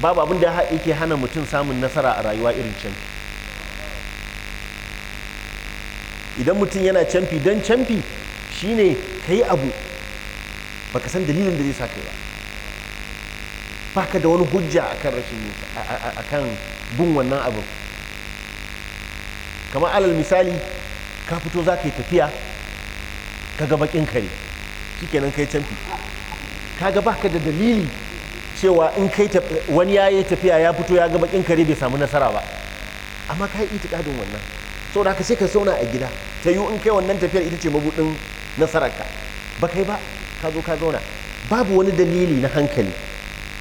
babu abin da yake hana mutum samun nasara a rayuwa irin canfi idan mutum yana canfi don canfi shine ka yi abu baka san dalilin da zai sa kai ba baka da wani hujja akan rashin akan bin wannan abin kamar alal misali ka fito za ka yi tafiya ka ga bakin kare shikenan kai canfi kaga baka da dalili cewa in kai wani yi tafiya ya fito ya ga bakin kare bai samu nasara ba amma kai itikadin wannan saboda haka sai ka zauna a gida ta yi in kai wannan tafiyar ita ce mabudin ka, ba kai ba ka zo ka zauna babu wani dalili na hankali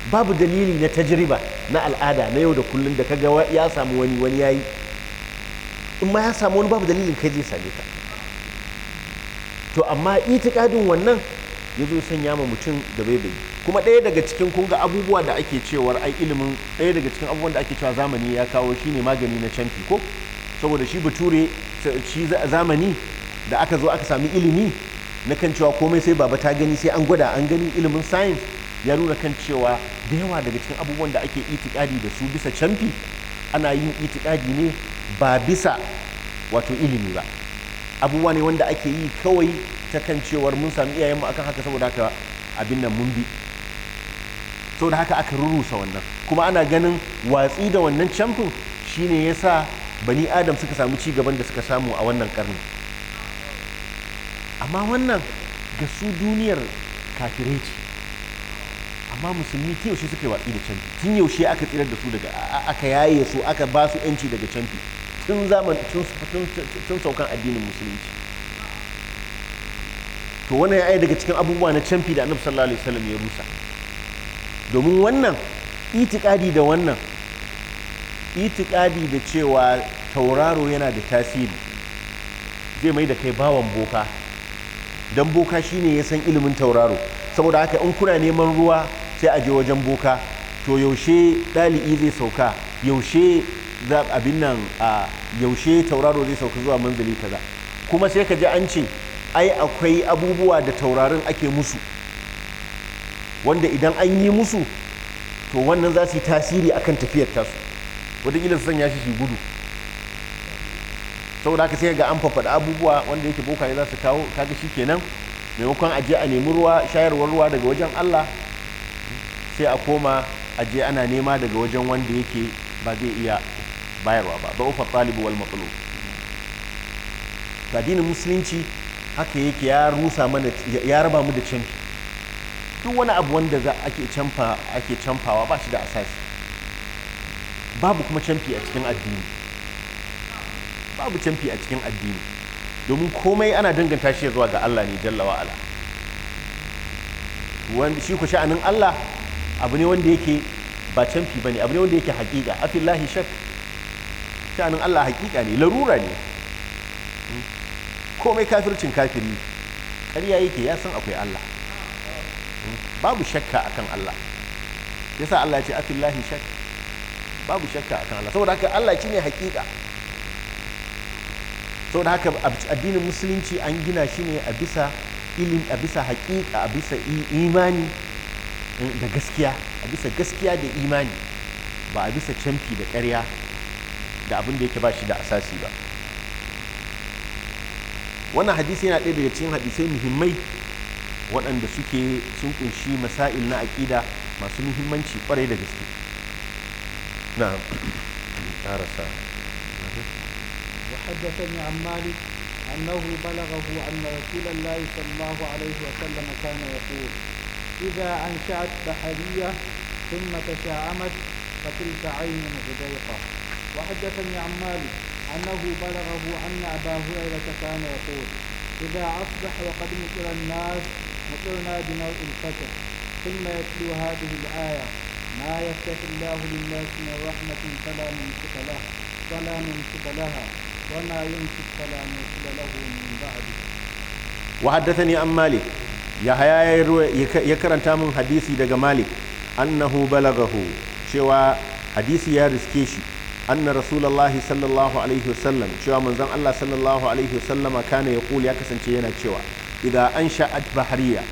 babu dalili na tajriba na al'ada na yau da kullum da kaga ya samu wani wani yayi in ma ya samu wani babu dalilin kai zai same ka to amma itikadin wannan ya zo sanya ma mutum da bai kuma ɗaya daga cikin kunga abubuwa da ake cewar ai ilimin ɗaya daga cikin abubuwan da ake cewa zamani ya kawo shine magani na canfi ko saboda shi bature shi zamani da aka zo aka sami ilimi na kan cewa komai sai baba ta gani sai an gwada an gani ilimin science ya nuna kan cewa da yawa daga cikin abubuwan da ake itikadi da su bisa canfi ana yin itikadi ne ba bisa wato ilimi ba abubuwa ne wanda ake yi kawai ta kan cewar mun sami iyayenmu akan haka saboda haka abin nan mun bi saboda haka aka rurusa wannan kuma ana ganin watsi da wannan camfin shine ya sa bani adam suka samu ci gaban da suka samu a wannan karni amma wannan ga su duniyar kafirai ce amma musulmi tun yaushe suka yi watsi da canfi tun yaushe aka tsirar da su daga aka yaye su aka ba su yanci daga canfi tun zaman tun saukan addinin musulunci to wannan ya daga cikin abubuwa na canfi da annabi sallallahu alaihi wasallam ya rusa domin wannan itikadi da wannan itikadi da cewa tauraro yana da tasiri zai mai da kai bawan boka dan boka shine ya san ilimin tauraro saboda haka in kuna neman ruwa sai a je wajen boka to yaushe ɗali'i zai sauka yaushe abin nan a yaushe tauraro zai sauka zuwa manzali kaza kuma sai ka ji an ce ai akwai abubuwa da taurarin ake musu wanda idan an yi musu to wannan za su yi tasiri akan tafiyar tasu wataƙila su sanya shi shi gudu saboda haka sai ga an faɗa abubuwa wanda yake boka ne za su kawo kaga shi kenan maimakon ajiye a nemi ruwa shayarwar ruwa daga wajen allah sai a koma ajiye ana nema daga wajen wanda yake ba zai iya bayarwa ba ba ufa talibu wal matsalo addinin musulunci haka yake ya rusa mana ya raba mu da canfi duk wani abu wanda za ake canfa ake canfawa ba shi da asasi babu kuma canfi a cikin addini babu canfi a cikin addini domin komai ana danganta shi zuwa ga Allah ne jalla wa ala wanda shi ku sha'anin Allah abu ne wanda yake ba canfi bane abu ne wanda yake haƙiƙa afillahi shak sha'anin Allah haƙiƙa ne larura ne komai kafircin kafiri ƙarya yake ya san akwai Allah babu shakka akan Allah yasa Allah ya ce afillahi shak babu shakka akan Allah saboda haka Allah shine hakika saboda haka addinin musulunci an gina shi ne a bisa ilim a bisa hakika a bisa imani mm, da gaskiya a bisa gaskiya da imani ba a bisa canfi da ƙarya da abin da yake ba shi da asasi ba wannan hadisi yana ɗaya daga cikin hadisai muhimmai waɗanda suke sun kunshi masail na aƙida masu muhimmanci ƙwarai da gaske na ƙarasa وحدثني عن مالك أنه بلغه أن رسول الله صلى الله عليه وسلم كان يقول إذا أنشأت بحرية ثم فتلك عين غديقة وحدثني عن مالك أنه بلغه أن أبا هريرة كان يقول إذا أصبح وقد مطر الناس مطرنا بنوء الفتح ثم يتلو هذه الآية ما يفتح الله للناس من رحمة فلا ممسك له فلا ممسك لها وما يمسك فلا مرسل له من بعده وحدثني عن مالك يا ya karanta min hadisi daga malik annahu balagahu cewa hadisi ya riske shi anna rasulullahi sallallahu alaihi wasallam cewa manzan Allah sallallahu alaihi wasallama kana yaqul ya kasance yana cewa idan an sha'at bahariya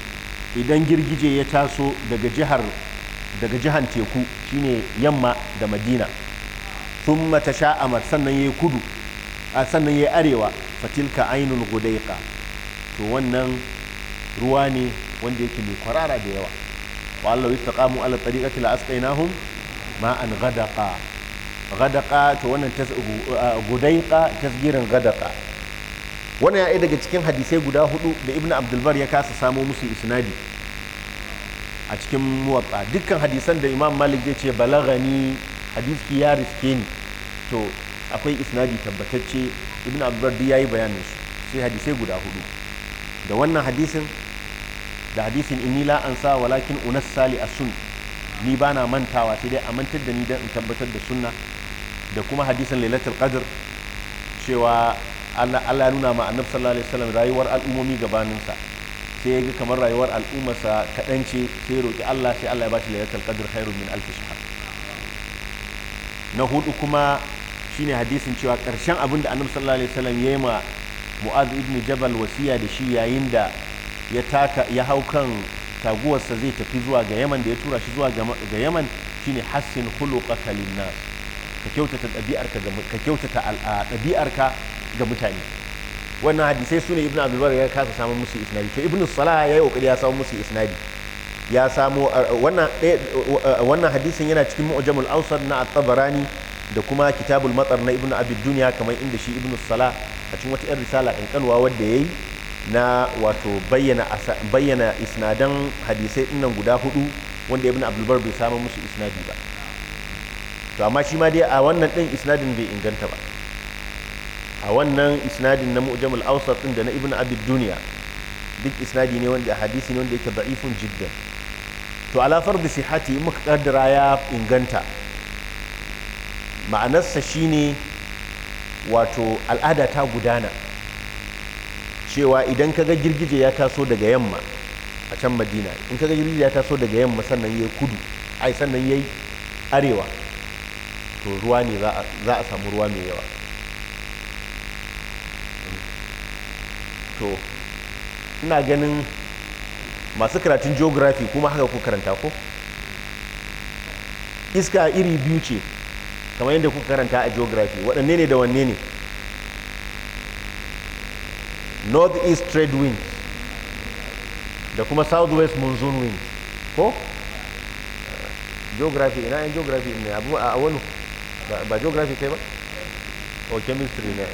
idan girgije ya taso daga jihar daga jihan teku shine yamma da madina thumma tasha'amat sannan yayi kudu a arewa fatilka ainul gudaiqa to wannan ruwa ne wanda yake mai kwarara da yawa wa Allah yastaqamu ala tariqati la asqainahum ma'an ghadaqa gadaka to wannan gudaika tasgirin gadaka wannan ya daga cikin hadisai guda hudu da ibn abdulbar ya kasa samo musu isnadi a cikin muwatsa dukkan hadisan da imam malik zai ce balagani hadiski ya riske ni to akwai isnadi tabbatacce ibn abdulbar duk yayi bayanin su sai hadisai guda hudu da wannan hadisin da hadisin inni la ansa walakin unassali sali sun ni bana mantawa sai dai a mantar da ni don in tabbatar da sunna da kuma hadisin lailatul qadr cewa Allah Allah ya nuna ma annabi sallallahu alaihi wasallam rayuwar al'ummi gabanin sa sai ya ga kamar rayuwar al'ummarsa kaɗan ce sai ya roki Allah sai Allah ya bashi lailatul qadr khairun min alf shahr na hudu kuma shine hadisin cewa karshen abin da annabi sallallahu alaihi wasallam ya yi ma mu'adh ibn jabal wasiya da shi yayin da ya taka ya hau kan taguwarsa zai tafi zuwa ga yaman da ya tura shi zuwa ga yaman shine hassin khuluqaka lin nas ka kyautata ɗabi'arka ga ka kyautata ɗabi'arka ga mutane wannan hadisai sune ibnu abdulbar ya kasa samun musu isnadi to ibnu salah ya yi kokari ya samu musu isnadi ya samo wannan hadisin yana cikin mu'jamul awsat na at-tabarani da kuma kitabul matsar na ibnu abid dunya kamar inda shi ibnu salah a cikin wata yar risala kankanwa wadda yayi na wato bayyana bayyana isnadan hadisai dinnan guda hudu wanda ibnu abdulbar bai samu musu isnadi ba to amma shi ma dai a wannan ɗin isnadin bai inganta ba a wannan isnadin na mu'jamul ausar ɗin da na ibn abid duniya duk isnadi ne wanda hadisi ne wanda yake da'ifun jiddan to alafar fardu sihati in muka kaddara ya inganta ma'anarsa shine wato al'ada ta gudana cewa idan kaga girgije ya taso daga yamma a can madina in kaga girgije ya taso daga yamma sannan yi kudu ai sannan yayi arewa to ruwa ne za a samu ruwa mai yawa to ina ganin masu karatun geography kuma haka ku karanta ko iska iri biyu ce kamar yadda kuka karanta a geography waɗanne ne da wanne ne north east trade wind da kuma south west monsoon wind ko geography ina yin geography ne abu a wani ba geography kai ba o chemistry ne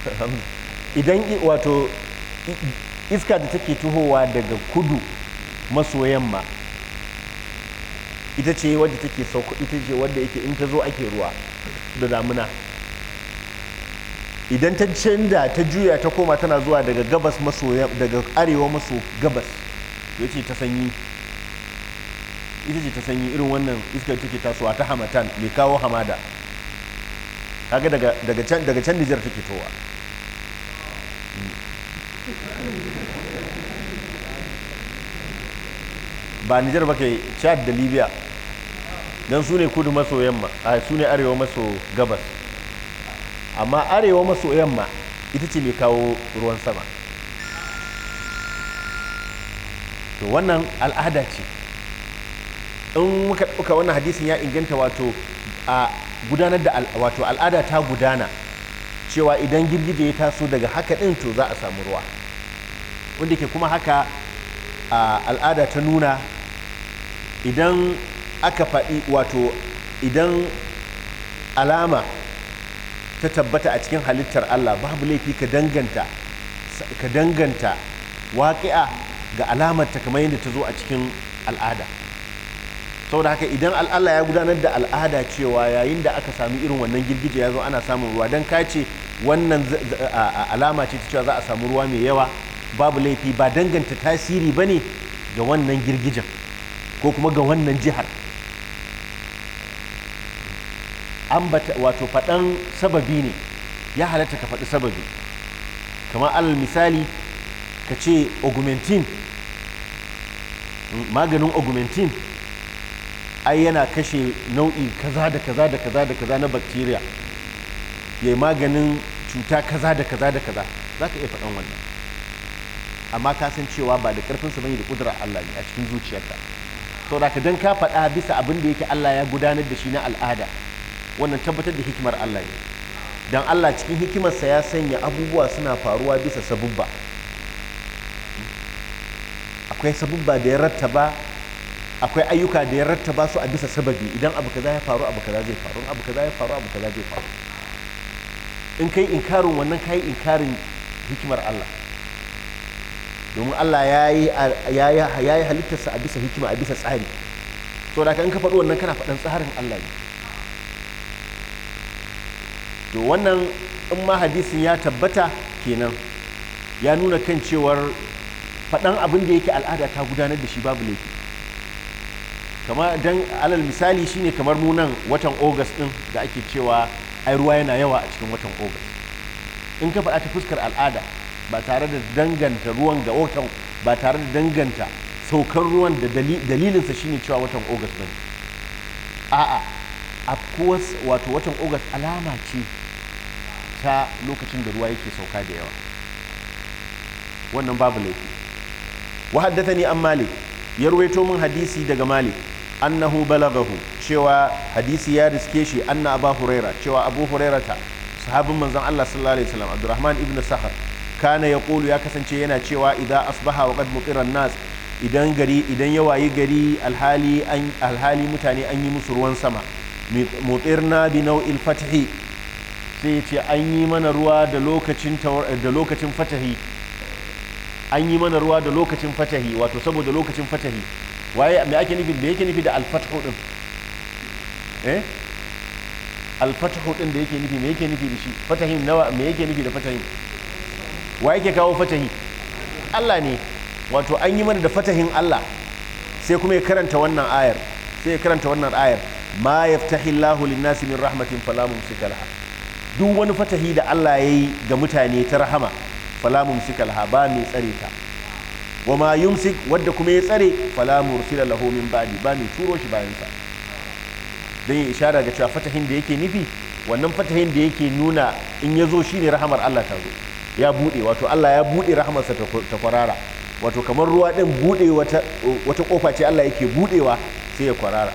*laughs* idan wato iska da take tuhowa daga kudu maso yamma ita ce wadda take sauko ita ce wadda yake in ta zo ake ruwa da damuna idan ta canza ta juya ta koma tana zuwa daga gabas maso daga arewa maso gabas yace ce ta sanyi ita ce ta sanyi irin wannan iskar take tasowa ta hamatan mai kawo hamada kaga daga can daga can Nijar take towa ba Nijar ba kai Chad da Libya don su ne kudu maso yamma a su ne arewa maso gabas amma arewa maso yamma ita ce mai kawo ruwan sama to wannan al'ada ce in muka ɗauka wannan hadisin ya inganta wato a gudanar da wato al'ada ta gudana cewa idan girgije ya taso daga haka ɗin to za a samu ruwa wanda ke kuma haka al'ada ta nuna idan aka faɗi wato idan alama ta tabbata a cikin halittar Allah babu laifi ka danganta ka danganta waƙi'a ga alamarta kamar yadda ta zo a cikin al'ada saboda haka idan al'ala ya gudanar da al'ada cewa yayin da aka sami irin wannan girgije ya zo ana samun ruwa don kace wannan alama ce ta cewa za a samu ruwa mai yawa babu laifi ba danganta tasiri ba ne ga wannan girgijen ko kuma ga wannan jihar an wato faɗan sababi ne ya halatta ka faɗi sababi kamar alal misali ka ce augmentin maganin augmentin ai yana kashe nau'i kaza da kaza da kaza da kaza na bacteria ya maganin cuta kaza da kaza da kaza za ka iya faɗan wannan amma ka san cewa ba da ƙarfin su bane da ƙudurar Allah ne a cikin zuciyarka to da ka dan ka faɗa bisa abin da yake Allah ya gudanar da shi na al'ada wannan tabbatar da hikimar Allah ne dan Allah cikin hikimarsa ya sanya abubuwa suna faruwa bisa sabubba akwai sabubba da ya rattaba akwai ayyuka da ya rattaba su a bisa sababi idan abu kaza ya faru abu kaza zai faru abu kaza ya faru abu kaza zai faru in kai inkarin wannan kai inkarin hikimar Allah domin Allah ya yi halittarsa a bisa hikima a bisa tsari to da ka in ka faɗi wannan kana faɗan tsarin Allah ne to wannan in ma hadisin ya tabbata kenan ya nuna kan cewar faɗan abin da yake al'ada ta gudanar da shi babu laifi kama don alal misali shine kamar munan nan watan august din da ake cewa ai ruwa yana yawa a cikin watan august in ka faɗa ta fuskar al'ada ba tare da danganta ruwan ga watan ba tare da danganta saukar ruwan da dalilinsa shine cewa watan august bane a'a a wato watan august alama ce ta lokacin da ruwa yake sauka da yawa wannan babu laifi wa ne an malik ya ruwaito min hadisi daga malik annahu balagahu cewa hadisi ya riske shi anna abu huraira cewa abu hurairata sahabin manzon Allah sallallahu alaihi wasallam Abdurrahman ibn Sahar kana yaqulu ya kasance yana cewa idza asbaha wa qad muqira nas idan gari idan ya wayi gari alhali mutane an yi musu ruwan sama mutirna bi nau'il fathi sai ya ce an yi mana ruwa da lokacin da an yi mana ruwa da lokacin fatahi wato saboda lokacin fatahi waye me ake nufi me yake nufi da alfathu din eh alfathu din da yake nufi me yake nufi da shi fatahin nawa me yake nufi da fatahin waye yake kawo fatahi Allah ne wato an yi mana da fatahin Allah sai kuma ya karanta wannan ayar sai ya karanta wannan ayar ma yaftahi lin-nasi min rahmatin fala mumsika laha duk wani fatahi da Allah yayi ga mutane ta rahama fala mumsika laha ba mai tsare ta wa ma yumsik wadda kuma ya tsare fala mursila lahu min ba'di ba mai turo shi bayan sa dan ya ishara ga cewa fatahin da yake nufi wannan fatahin da yake nuna in ya zo shine rahamar Allah ta zo ya bude wato Allah ya bude rahamarsa ta kwarara wato kamar ruwa din bude wata wata kofa ce Allah yake budewa sai ya kwarara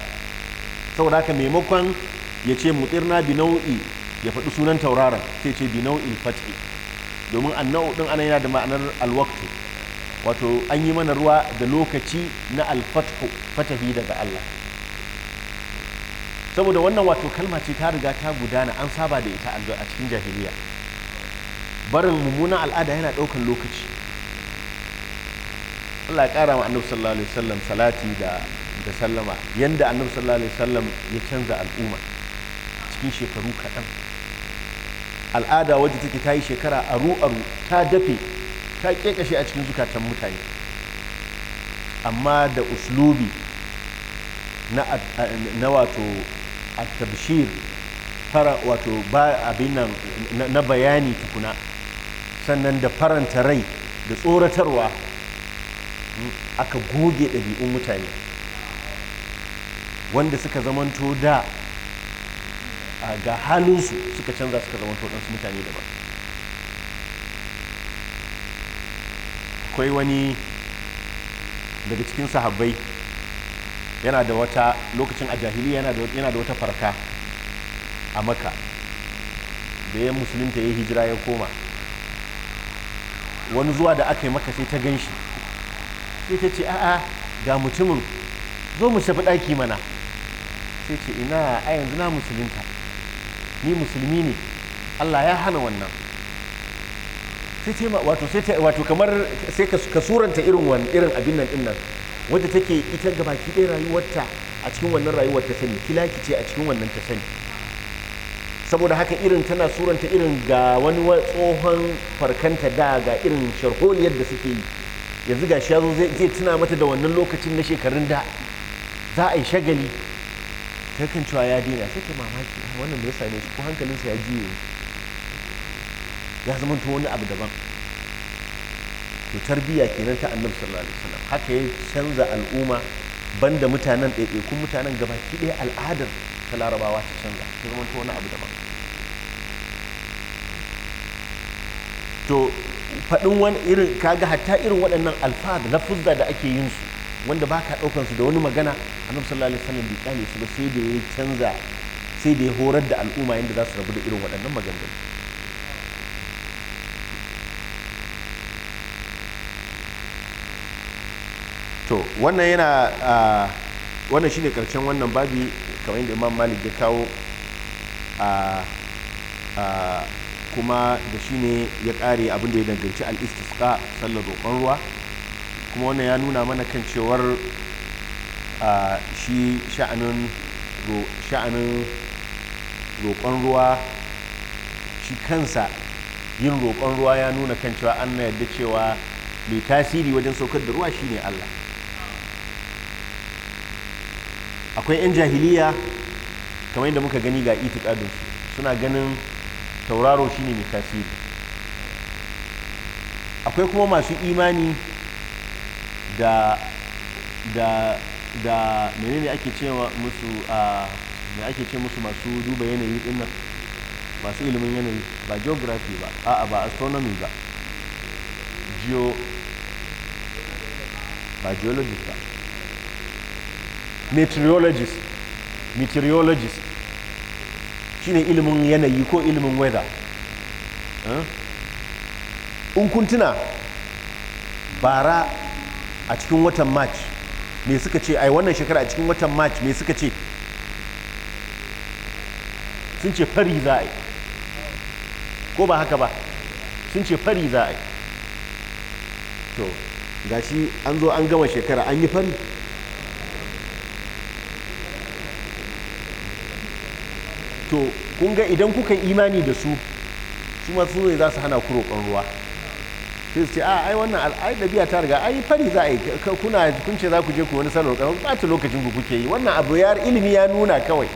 saboda haka maimakon ya ce mutirna bi nau'i ya faɗi sunan tauraron sai ce bi fatke domin annau din ana yana da ma'anar alwaktu wato an yi mana ruwa da lokaci na alfathu fatahi daga Allah saboda wannan wato kalma ce ta riga ta gudana an saba da ita a cikin jahiliya barin mummunan al'ada yana daukan lokaci Allah ya ƙara ma annabi sallallahu alaihi wasallam salati da da sallama yanda annabi sallallahu alaihi wasallam ya canza al'umma cikin shekaru kaɗan al'ada wadda take ta yi shekara aru aru ta dafe Ka ta kekashe a cikin zukatan mutane amma da uslubi na wato a tabshir fara wato ba abin na bayani tukuna sannan da faranta rai da tsoratarwa hmm, aka goge ɗabi'un mutane wanda suka zamanto da ga halinsu suka canza suka zamanto ɗansu mutane daban akwai wani daga cikin sahabbai yana da wata lokacin a jahiliya yana da wata farka a maka da ya musulunta ya hijira ya koma wani zuwa da aka yi maka sai ta gan shi sai ta ce a'a ga mutumin zo mu shafi ɗaki mana sai ce ina a yanzu na musulunta ni musulmi ne allah ya hana wannan sai ce wato sai ta wato kamar sai ka suranta irin wani irin abin nan dinnan wanda take ita ga baki ɗaya rayuwarta a cikin wannan rayuwar ta sani kilaki ce a cikin wannan ta sani saboda haka irin tana suranta irin ga wani tsohon farkanta da ga irin sharholiyar da suke yi yanzu ga shazo zai tuna mata da wannan lokacin na shekarun da za a yi shagali ta kan cewa ya daina sai ta mamaki ah, wannan da ya same shi ko hankalinsa ya jiye ya zama to wani abu daban to tarbiyya kenan ta annabi sallallahu alaihi wasallam haka ya canza al'umma banda mutanen ɗaiɗaikun mutanen gabaki ɗaya al'adar ta larabawa ta canza ta zama ta wani abu daban to faɗin wani irin kaga hatta irin waɗannan alfad na fuzza da ake yin su wanda ba ka ɗaukan su da wani magana annabi sallallahu alaihi wasallam bai kyale su ba sai da ya canza sai da ya horar da al'umma yadda za su rabu da irin waɗannan maganganu to wannan yana wannan shine karshen wannan babi kamar yadda imam malik ya kawo kuma da shi ne ya kare abin da ya danganci al-istisqa sallar roƙon ruwa kuma wannan ya nuna mana kan cewar shi sha'anin sha'anin roƙon ruwa shi kansa yin roƙon ruwa ya nuna kan cewa an na yadda cewa mai tasiri wajen saukar da ruwa shine Allah akwai 'yan jahiliya kamar yadda muka gani ga itikadun suna ganin tauraro shine mai tasiri akwai kuma masu imani da da da menene ake ce musu a me ake ce musu masu duba yanayi din nan masu ilimin yanayi ba geography ba a'a ba astronomy ba geo ba geology ba meteorologist meteorologist shine ilimin yanayi ko ilimin weather in kuntuna bara a cikin watan march mai suka ce ai wannan shekara a cikin watan march mai suka ce sun ce fari za a yi ko ba haka ba sun ce fari za a yi to gashi an zo an gama shekara an yi fari to kun ga idan kuka imani da su su masu zai za su hana ku roƙon ruwa sai su ce a ai wannan da biya ta riga ai fari za a yi kuna kun ce za ku je ku wani salon roƙon ba ta lokacin ku kuke yi wannan abu ya ilimi ya nuna kawai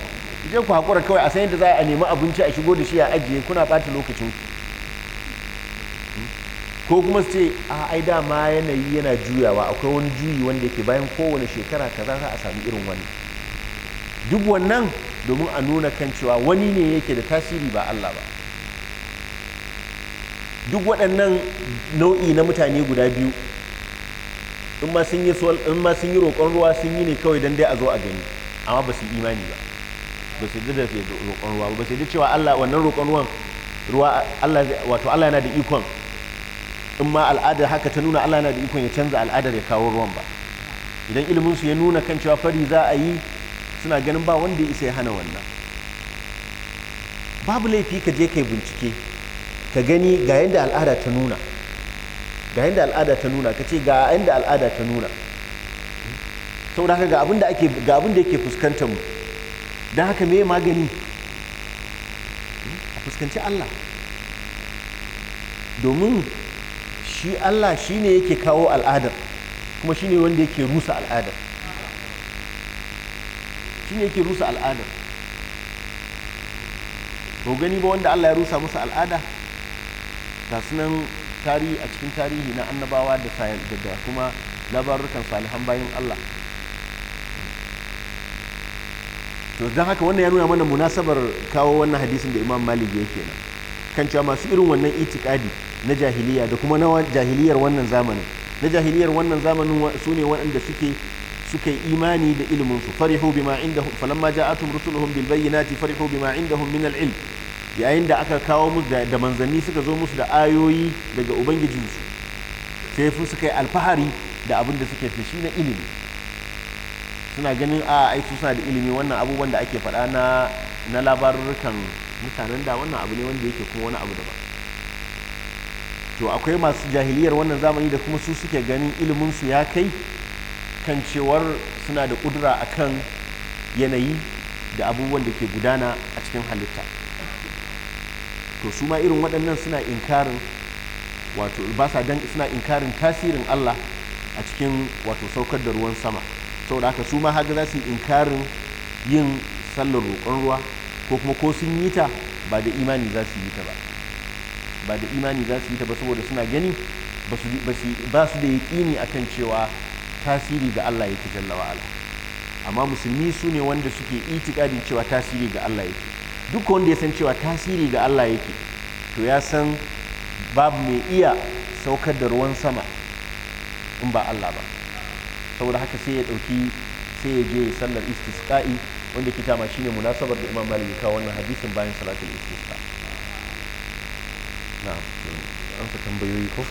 je ku haƙura kawai a san yadda za a nemi abinci a shigo da shi a ajiye kuna ɓata lokacin ku ko kuma su ce a ai dama yanayi yana juyawa akwai wani juyi wanda yake bayan kowane shekara kaza za a sami irin wani duk wannan domin a nuna kan cewa wani ne yake da tasiri ba Allah ba duk waɗannan nau'i na mutane guda biyu in ma sun yi roƙon ruwa sun yi ne kawai don dai a zo a gani amma ba su imani ba ba su yi da roƙon ruwa ba su yi cewa Allah wannan roƙon ruwan ruwa Allah wato Allah yana da ikon in ma al'adar haka ta nuna Allah yana da ikon ya canza al'adar ya kawo ruwan ba idan ilminsu ya nuna kan cewa fari za a yi suna ganin ba wanda ya isa ya hana wannan babu laifi ka je kai bincike ka gani ga yadda al'ada ta nuna ga yadda al'ada ta nuna ka ce ga yadda al'ada ta nuna saboda haka ga abin da ake ga abin da yake fuskanta mu don haka me magani a fuskanci Allah domin shi Allah shine yake kawo al'adar kuma shine wanda yake rusa al'adar shi ne yake rusa al'ada to gani ba wanda Allah ya rusa musu al'ada ga sunan tarihi a cikin tarihi na annabawa da da kuma labarukan salihan bayan Allah to don haka wannan ya nuna mana munasabar kawo wannan hadisin da imam malik ya kenan kan cewa masu irin wannan itikadi na jahiliya da kuma na jahiliyar wannan zamanin na jahiliyar wannan zamanin su ne waɗanda suke suka yi imani da ilimin su farihu bima indahum falamma ja'atuhum rusuluhum bil bayyinati farihu bima indahum min al ilm yayin da aka kawo musu da manzanni suka zo musu da ayoyi daga su sai fi suka yi alfahari da abin da suke da shi na ilimi suna ganin a ai suna da ilimi wannan abubuwan da ake faɗa na na labarukan mutanen da wannan abu ne wanda yake kuma wani abu daban to akwai masu jahiliyar wannan zamani da kuma su suke ganin ilimin su ya kai kan suna da ƙudura a kan yanayi da abubuwan da ke gudana a cikin halitta to su ma irin waɗannan suna inkarin wato ba sa dan suna inkarin tasirin Allah a cikin wato saukar da ruwan sama saboda haka su ma haka za su yi inkarin yin sallar roƙon ruwa ko kuma ko sun yi ta ba da imani za su yi ta ba ba da imani za su yi ta ba saboda suna gani ba su da yaƙini akan cewa tasiri ga Allah yake jalla wa'ala amma musulmi su ne wanda suke itikadin cewa tasiri ga Allah yake duk wanda ya san cewa tasiri ga Allah yake to ya san babu mai iya saukar da ruwan sama in ba Allah ba saboda haka sai ya ɗauki sai ya je sallar istisqa'i wanda ke tama shine munasabar da Imam Malik ya kawo wannan hadisin bayan salatul istisqa na'am an tambayoyi ko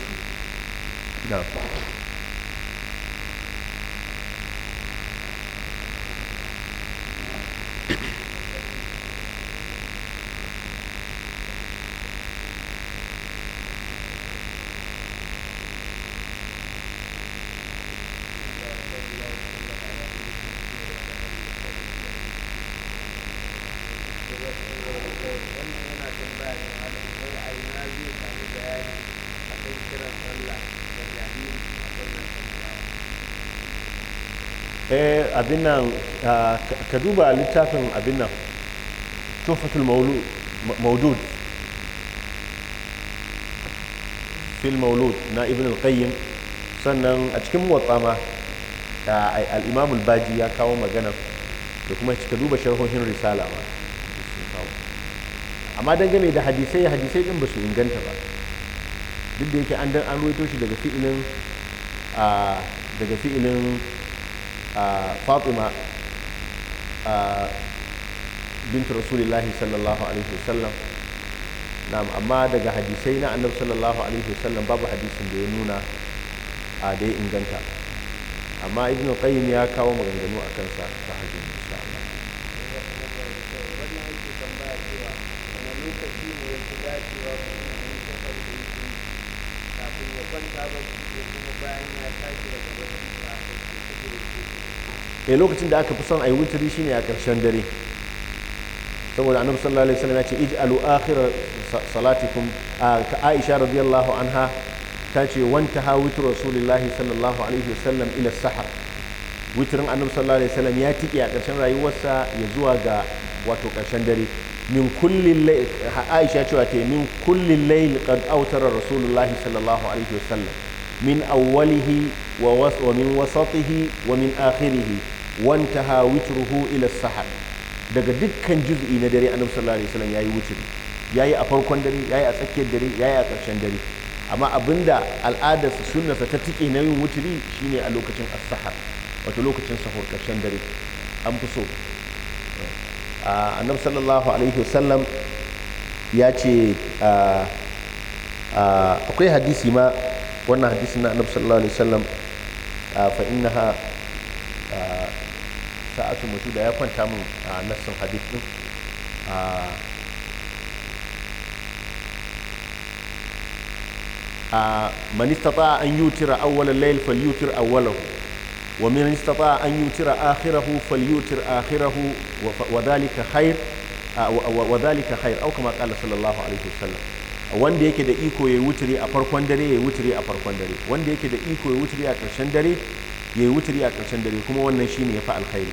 abin ka duba littafin abin nan tuhfatul fil maulud na ibn al-qayyim sannan a cikin muwatsa ma al-imam al-baji ya kawo magana da kuma ka duba sharhohin risala ma amma dangane da hadisai hadisai din ba su inganta ba duk da yake an dan an ruwaito shi daga fi'ilin daga fi'ilin fatima bintu rasulillahi sallallahu alaihi wasallam na'am amma daga hadisai na annabi sallallahu alaihi wasallam babu hadisin da ya nuna a dai inganta amma ibnu qayyim ya kawo maganganu a kansa ta hajji insha Allah kafin ya kwanta ba kuma bayan ya tashi daga wajen a eh lokacin da aka fi son a yi wuturi shine a ƙarshen dare saboda annabi sallallahu alaihi wasallam ya ce ij'alu akhir salatikum ka Aisha radiyallahu anha ta ce wanta ha wutru rasulillahi sallallahu alaihi wasallam ila sahar annabi sallallahu alaihi wasallam ya tike a ƙarshen rayuwarsa ya zuwa ga wato ƙarshen dare min kullin Aisha cewa ta min kullin layl qad awtara rasulullahi sallallahu alaihi wasallam min awwalihi wa min wasatihi wa min akhirihi wantaha witruhu ila saha daga dukkan juz'i na dare annabi sallallahu alaihi wasallam yayi witri yayi a farkon dare yayi a tsakiyar dare yayi a ƙarshen dare amma abinda al'adar sa ta tike na yin witri shine a lokacin as-sahar wato lokacin sahur ƙarshen dare an fi so annabi sallallahu alaihi wasallam ya ce akwai hadisi ma wannan hadisi na annabi sallallahu alaihi wasallam fa innaha sa'atu mutu da ya kwanta min a nassin hadith din a a man istata an yutira awwal al-layl falyutir awwalahu wa man istata an yutira akhirahu falyutir akhirahu wa dhalika khair wa dhalika khair aw kama qala sallallahu alaihi wasallam wanda yake da iko ya wuturi a farkon dare ya wuturi a farkon dare wanda yake da iko ya wuturi a ƙarshen dare ya wuturi a ƙarshen dare kuma wannan shine ya fi alkhairi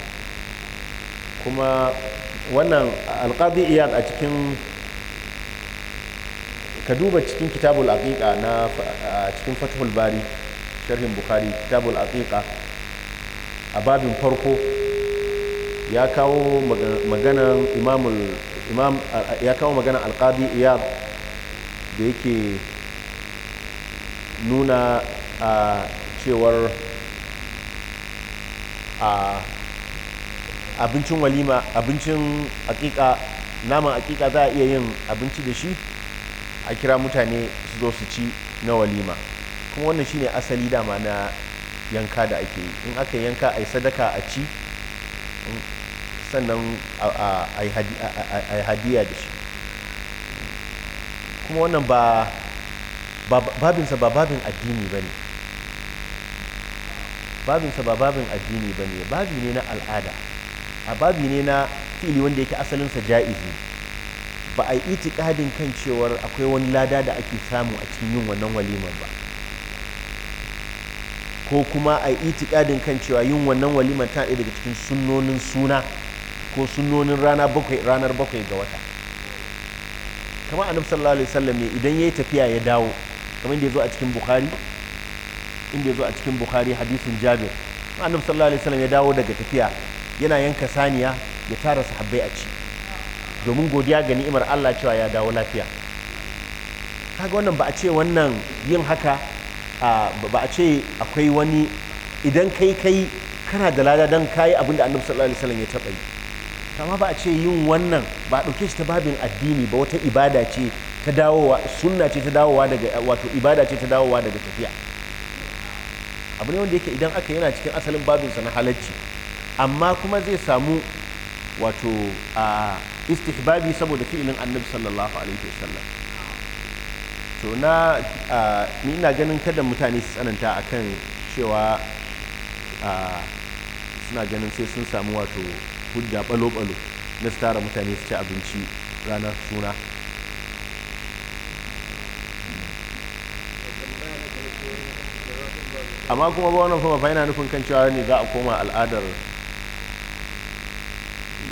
kuma wannan alƙadi iyad a cikin ka duba cikin kitabul aqiqa na a cikin fatihul bari sharhin bukhari kitabul aqiqa a babin farko ya kawo maganan imamul imam ya kawo maganan alƙadi iyad da yake nuna a cewar a abincin walima abincin akika naman aƙiƙa za a iya yin abinci da shi a kira mutane su zo su ci na walima kuma wannan shine asali dama na yanka da ake yi in aka yanka a yi sadaka a ci sannan a yi hadiya da shi kuma wannan ba babinsa ba babin addini ba ne babinsa ba babin addini ba ne babi ne na al'ada a babi ne na fili wanda yake asalinsa ja'izi ba a yi itikadin kan cewar akwai wani lada da ake samu a cikin yin wannan walimar ba ko kuma a yi itikadin kan cewa yin wannan walimar ta ɗaya daga cikin sunnonin suna ko sunnonin rana bakwai ranar bakwai ga wata kamar annabi sallallahu alaihi wasallam ne idan yayi tafiya ya dawo kamar inda yazo a cikin bukhari inda yazo a cikin bukhari hadisin jabir annabi sallallahu alaihi wasallam ya dawo daga tafiya yana yanka saniya ya tara sahabbai a ci domin godiya ga ni'imar Allah cewa ya dawo lafiya kaga wannan ba a ce wannan yin haka ba a ce akwai wani idan kai kai kana da lada dan kayi abin da annabi sallallahu alaihi wasallam ya taɓa yi amma ba a ce yin wannan ba a ɗauke shi ta babin addini ba wata ibada ce ta dawowa sunna ce ta dawowa daga wato ibada ce ta dawowa daga tafiya abu ne wanda yake idan aka yana cikin asalin babinsa na halacci amma kuma zai samu wato a istihbabi saboda fi'ilin annabi sallallahu alaihi wasallam to na ni ina ganin kada mutane su tsananta akan cewa suna ganin sai sun samu wato hujja balo-balo na su tara mutane su ci abinci ranar suna amma kuma ba wannan kuma fa yana nufin kan cewa ne za a koma al'adar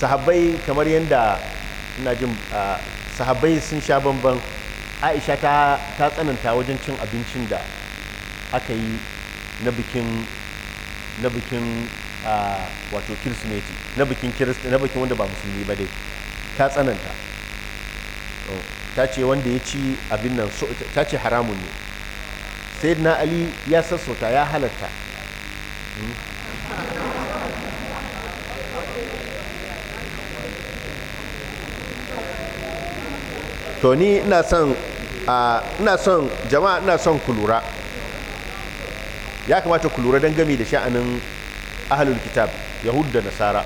sahabbai kamar yadda na jin sahabbai sun sha bamban aisha ta tsananta wajen cin abincin da aka yi na bikin na bikin wato kirsimeti na bikin na bikin wanda ba musulmi ba dai ta tsananta ta ce wanda ya ci abin nan ta ce haramun ne sai na ali ya sassauta ya halatta hmm? to ni ina son ina son jama'a ina son ku lura ya kamata ku lura don gami da sha'anin ahalul kitab yahud da nasara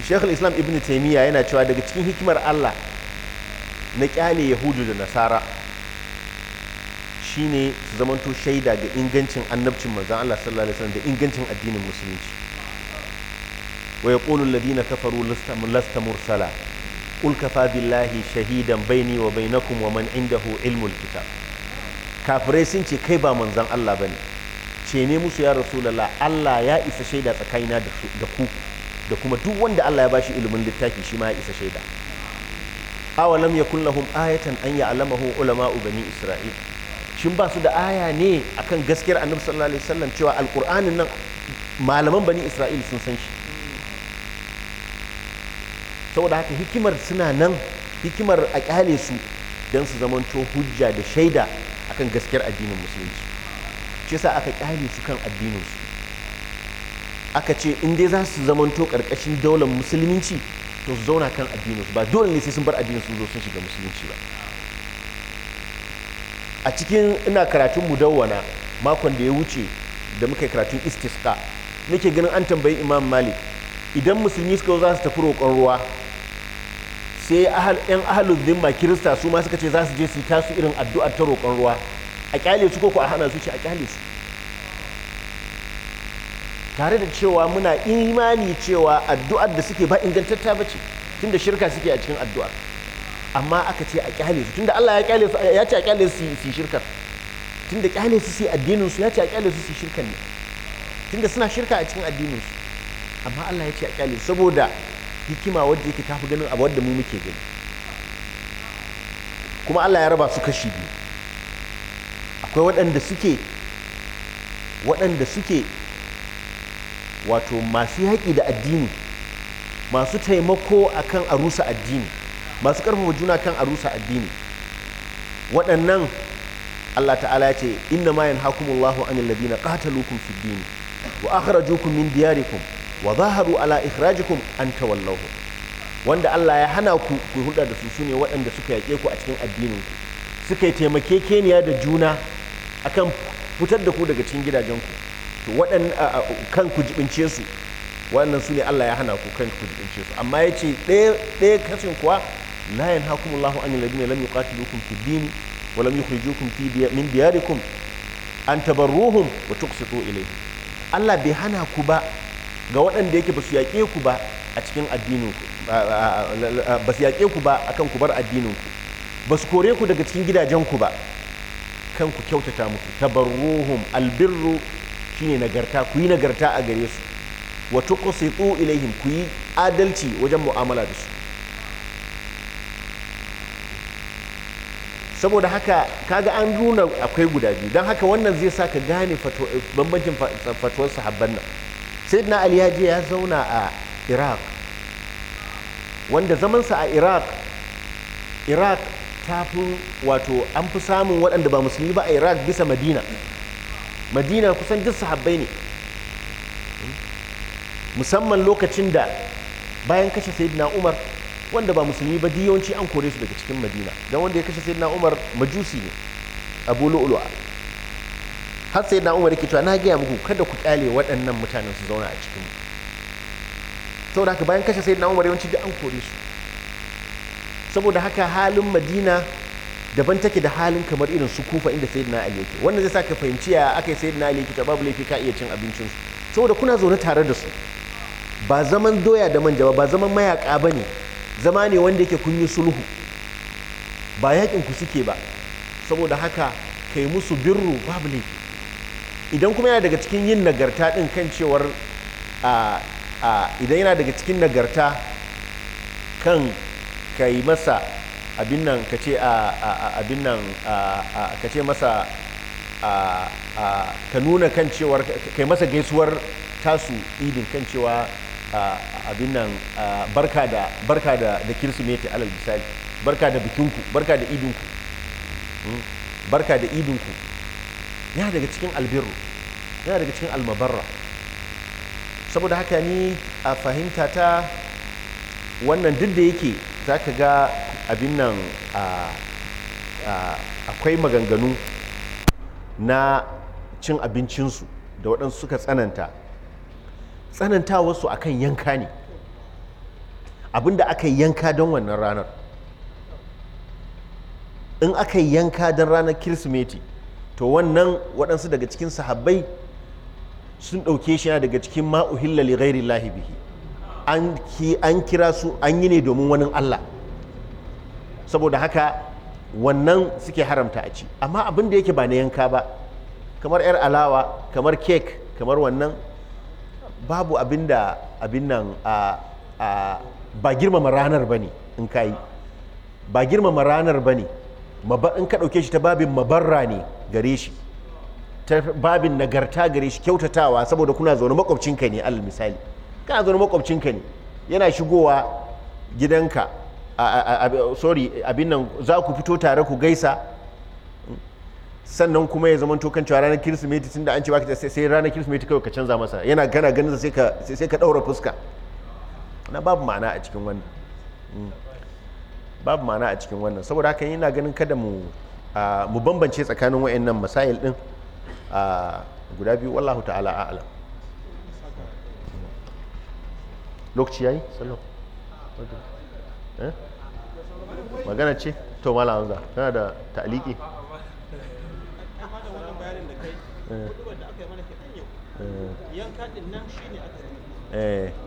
shekul islam ibn taimiyya yana cewa daga cikin hikimar allah na kyale yahudu da nasara shine su zamanto shaida ga ingancin annabcin manzan allah sallallahu alaihi wasallam da ingancin addinin musulunci wa yaqulu ladina kafaru lasta mursala qul kafa billahi shahidan baini wa bainakum wa man indahu ilmul kitab kafirai sun ce kai ba manzon Allah bane ce ne musu ya rasulullah Allah ya isa shaida tsakanina da ku da kuma duk wanda Allah ya bashi ilimin littafi shi ma ya isa shaida awalam yakun lahum ayatan an ya'lamahu ulama'u bani isra'il shin ba su da aya ne akan gaskiyar annabi sallallahu alaihi wasallam cewa alqur'anin nan malaman bani isra'il sun san shi saboda haka hikimar suna nan hikimar a kyale su don su zamanto hujja da shaida akan gaskiyar addinin musulunci shi sa aka kyale su kan addinin su aka ce in dai za su zamanto karkashin daular musulunci to su zauna kan addinin su ba dole ne sai sun bar addinin su zo sun shiga musulunci ba a cikin ina karatun mudawwana makon da ya wuce da muka yi karatun istisqa nake ganin an tambayi imam malik idan musulmi suka zo za su tafi roƙon ruwa sai yan ahalun zimma kirista su ma suka ce za su je su tasu irin addu'ar ta roƙon ruwa a kyale su ko a hana su ce a kyale su tare da cewa muna imani cewa addu'ar da suke ba ingantatta ba ce tunda shirka suke a cikin addu'ar amma aka ce a kyale su tunda Allah ya kyale su ya ce a kyale su su shirkar tunda kyale su su addinin su ya ce a kyale su su shirkar ne tunda suna shirka a cikin addinin su amma Allah ya ce a kyale saboda hikima wadda yake tafi ganin abu wadda mu muke gani kuma Allah ya raba su kashi biyu akwai waɗanda suke waɗanda suke wato masu yaƙi da addini masu taimako akan a rusa addini masu karfafa juna kan arusa addini waɗannan Allah ta'ala ya ce inna ma yanhakumullahu anil ladina qataluukum fid din wa akhrajukum min diyarikum wa zaharu ala ikhrajikum an tawallahu wanda Allah ya hana ku ku hulɗa da su sune waɗanda suka yaƙe ku a cikin addinin ku suka yi keniya da juna akan fitar da ku daga cikin gidajen ku to waɗan kan ku jibince su waɗannan ne Allah ya hana ku kan ku jibince su amma yace ɗaya ɗaya kacin kuwa la yanhakumullahu anil ladina lam yuqatilukum fi din wa lam yukhrijukum min diyarikum an tabarruhum wa tuqsitu ilayhim Allah bai hana ku ba ga waɗanda yake ba su yaƙe ku ba a cikin addininku ba su yaƙe ku ba akan ku bar addininku ba su kore ku daga cikin gidajen ku ba kan ku kyautata muku tabarruhum albirru shine nagarta ku yi nagarta a gare su wa tuqsitu ilaihim ku yi adalci wajen mu'amala da su saboda haka kaga an nuna akwai guda biyu don haka wannan zai sa ka gane bambancin fatuwar sahabban nan sayyidina ali ya je ya zauna a iraq wanda zamansa a iraq iraq ta fi wato an fi samun waɗanda ba musulmi ba a iraq bisa madina madina kusan duk sahabbai ne musamman lokacin da bayan kashe sayyidina umar wanda ba musulmi ba yawanci an kore su daga cikin madina don wanda ya kashe sayyidina umar majusi ne abu lu'lu'a har sai na umar cewa na gaya muku kada ku kyale waɗannan mutanen su zauna a cikin saboda haka bayan kashe na umar yawanci duk an kore su saboda haka halin madina daban take da halin kamar irin su kufa inda sayyidina ali yake wannan zai sa ka fahimci ya aka yi na ali yake babu laifi ka iya cin abincin su saboda kuna zaune tare da su ba zaman doya da manja ba ba zaman mayaka ba ne zama ne wanda yake kun yi sulhu ba yakin ku suke ba saboda haka kai musu birru babu laifi idan kuma yana daga cikin yin nagarta din kan cewar idan yana daga cikin nagarta kan ka yi masa abin nan ka ce abin nan ka ce masa ka nuna kan cewar yi masa gaisuwar tasu idin kan cewa abin nan barka da da da kirsimeti alal misali barka da bikinku barka da idinku hmm? barka da idinku yana daga cikin albirru yana daga cikin almabarra saboda haka ni a fahimta ta wannan duk da yake za ka ga abin nan akwai maganganu na cin abincinsu da waɗansu suka tsananta tsananta wasu akan yanka ne abin da aka yanka don wannan ranar in aka yanka don ranar kirsimeti to wannan waɗansu daga cikin sahabbai sun ɗauke shi na daga cikin ma'uhilla li ghairi lahi bihi an kira su an yi ne domin wani Allah saboda haka wannan suke haramta a ci amma abin da yake ba na yanka ba kamar 'yar alawa kamar kek kamar wannan babu abin da abin nan ba girmama ranar ba ne in kayi ba girmama ranar ba ne in ka ɗauke shi ta babin mabarra ne gare shi ta babin nagarta gare shi kyautatawa saboda kuna zaune makwabcinka ne alal misali kana zaune makwabcinka ne yana shigowa gidanka sorry abin nan za ku fito tare ku gaisa sannan kuma ya zama tokan cewa ranar kirsimeti tunda an ce baka sai ranar kirsimeti kawai ka canza masa yana gana ganin sai ka daura fuska na babu ma'ana a cikin wannan hmm. babu ma'ana a cikin wannan saboda haka yana ganin kada mu mu bambance tsakanin wayannan masail din guda biyu wallahu ta'ala a'lam lokaci yayi sallam eh? magana ce to mala hamza tana da ta'aliki eh. Eh. yanka din nan shine aka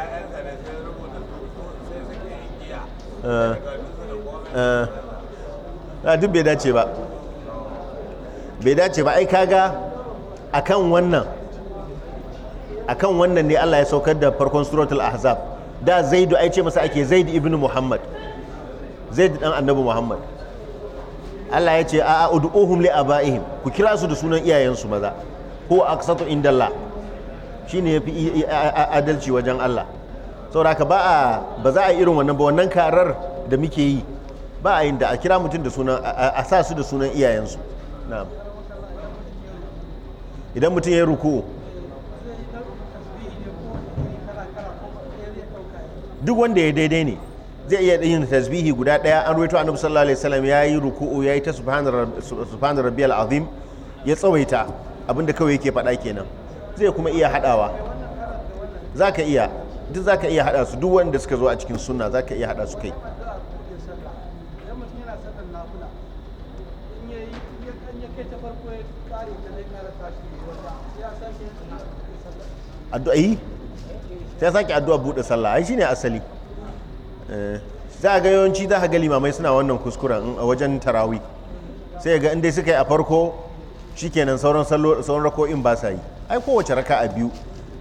a eh, eh, duk bai dace ba bai dace ba ai kaga akan wannan akan wannan ne Allah ya saukar da farkon suratul ahzab da zaidu ai ce masa ake zaidu ibnu muhammad zaidu dan annabi muhammad Allah ya ce a a ud'uhum li abaihim ku kira su da sunan iyayensu maza ko aqsatu indallah shine yafi adalci wajen Allah saboda ba a ba za a irin wannan ba wannan karar da muke yi ba a yin da a kira mutum da sunan a sa su da sunan iyayensu na'am idan mutum ya ruku duk wanda ya daidai ne zai iya yin tasbihi guda daya an ruwaito annabi sallallahu alaihi wasallam yayi ruku'u yi ta subhana rabbiyal azim ya tsawaita abinda kawai yake faɗa kenan zai kuma iya hadawa ka iya duk za ka iya haɗa su duk wanda suka zo a cikin sunna za ka iya haɗa su kai addu'a yi eh? sai sake addu'a buɗe sallah ai shine asali eh, za a ga yawanci za a ga limamai suna wannan kuskuren a wajen tarawi sai ga inda suka yi a farko shi shikenan sauran rako'in ba sa yi ai kowace raka a biyu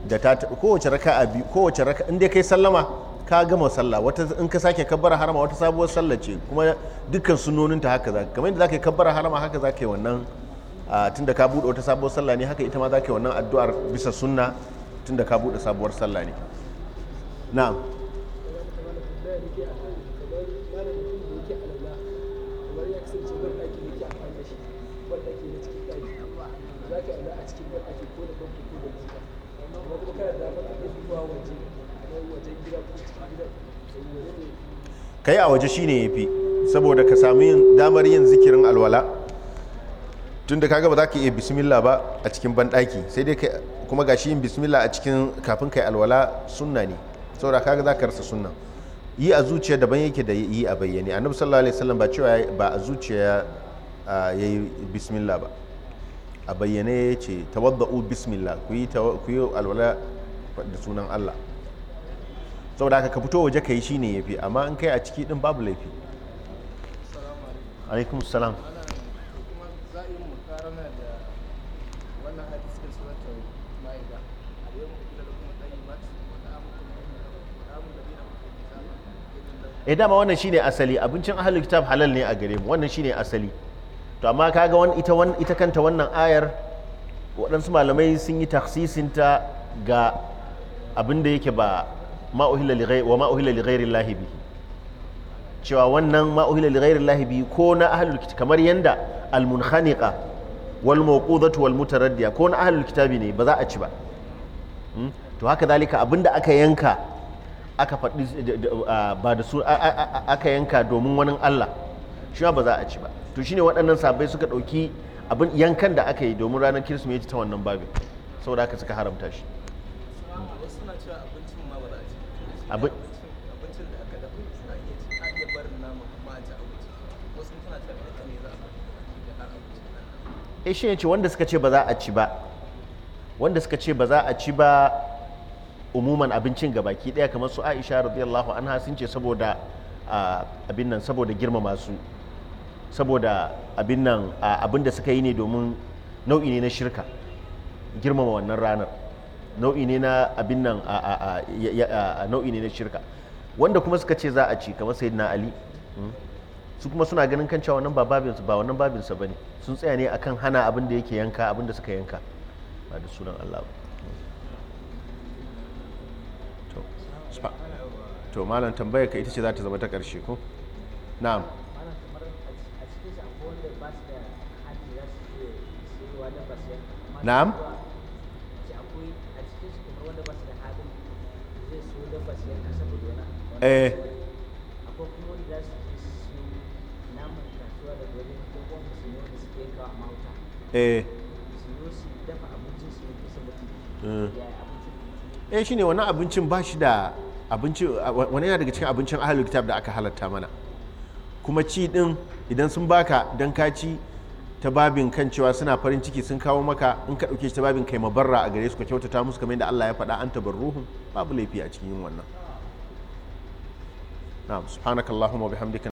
da ta taɓa kowace a biyu kowace raka in kai sallama ka gama sallah wata in ka sake kabbara harama wata sabuwar sallah ce kuma dukkan sunoninta haka za kamar yadda za ka yi kabbara harama haka za ka yi wannan tun da ka buɗe wata sabuwar sallah ne haka ita ma za ka yi wannan addu'ar bisa sunna tun da ka buɗe sabuwar sallah ne na'am ka yi a waje shine ya fi saboda ka sami damar yin zikirin alwala tun da kaga ba za ka iya bismillah ba a cikin banɗaki sai dai kuma gashi yin bismillah a cikin kafin ka yi alwala sunna ne saboda kaga za ka rasa sunna yi a zuciya daban yake da yi a bayyane annabi sallallahu alaihi wasallam ba cewa ba a zuciya ya yi bismillah ba a bayyane ya ce tawadda'u bismillah ku yi alwala da sunan Allah saboda haka ka fito waje ka yi shi ne ya fi amma in kai a ciki din babu laifi alaikum salam eh dama wannan shine asali abincin ahlul kitab halal ne a gare mu wannan shine asali to amma kaga wani ita wani ita kanta wannan ayar waɗansu malamai sun yi taksisinta ga abin da yake ba ma wa ma cewa wannan ma uhilla li ko na ahlul kitab kamar yanda al munkhaniqa wal mawqudatu wal mutaraddiya ko na ahlul kitabi ne ba za a ci ba hmm? to haka zalika abinda aka yanka aka faɗi ba da su aka yanka domin wani Allah shi ba za a ci ba to shine waɗannan sabai suka ɗauki abin yankan da aka yi domin ranar kirsimeti ta wannan babin saboda haka suka haramta shi e shi ce wanda suka ce ba za a ci ba wanda suka ce ba za a ci ba umuman abincin ga baki daya kamar su Aisha radiyallahu an sun ce saboda abin nan saboda girmama su saboda abin nan abin da suka yi ne domin nau'i ne na shirka girmama wannan ranar nau'i ne na abin nan nau'i ne na shirka wanda kuma suka ce za a ci kamar sayyidina ali hmm? su kuma suna ganin kan cewa wannan ba babinsu ba wannan babinsa bane sun tsaya ne akan hana abin da yake yanka abin da suka yanka ba da sunan Allah ba hmm. to malam tambaya ka ita ce za ta zama ta ƙarshe ko na'am na'am eh eh eh shine wani abincin ba shi da abinci wani yana daga cikin abincin ahalul kitab da aka halatta mana kuma ci din idan sun baka dan ka ci ta babin kan cewa suna farin ciki sun kawo maka in ka dauke shi ta babin kai mabarra a gare su ka kyautata musu kamar yadda Allah ya faɗa an tabarruhum babu laifi a cikin wannan نعم سبحانك اللهم وبحمدك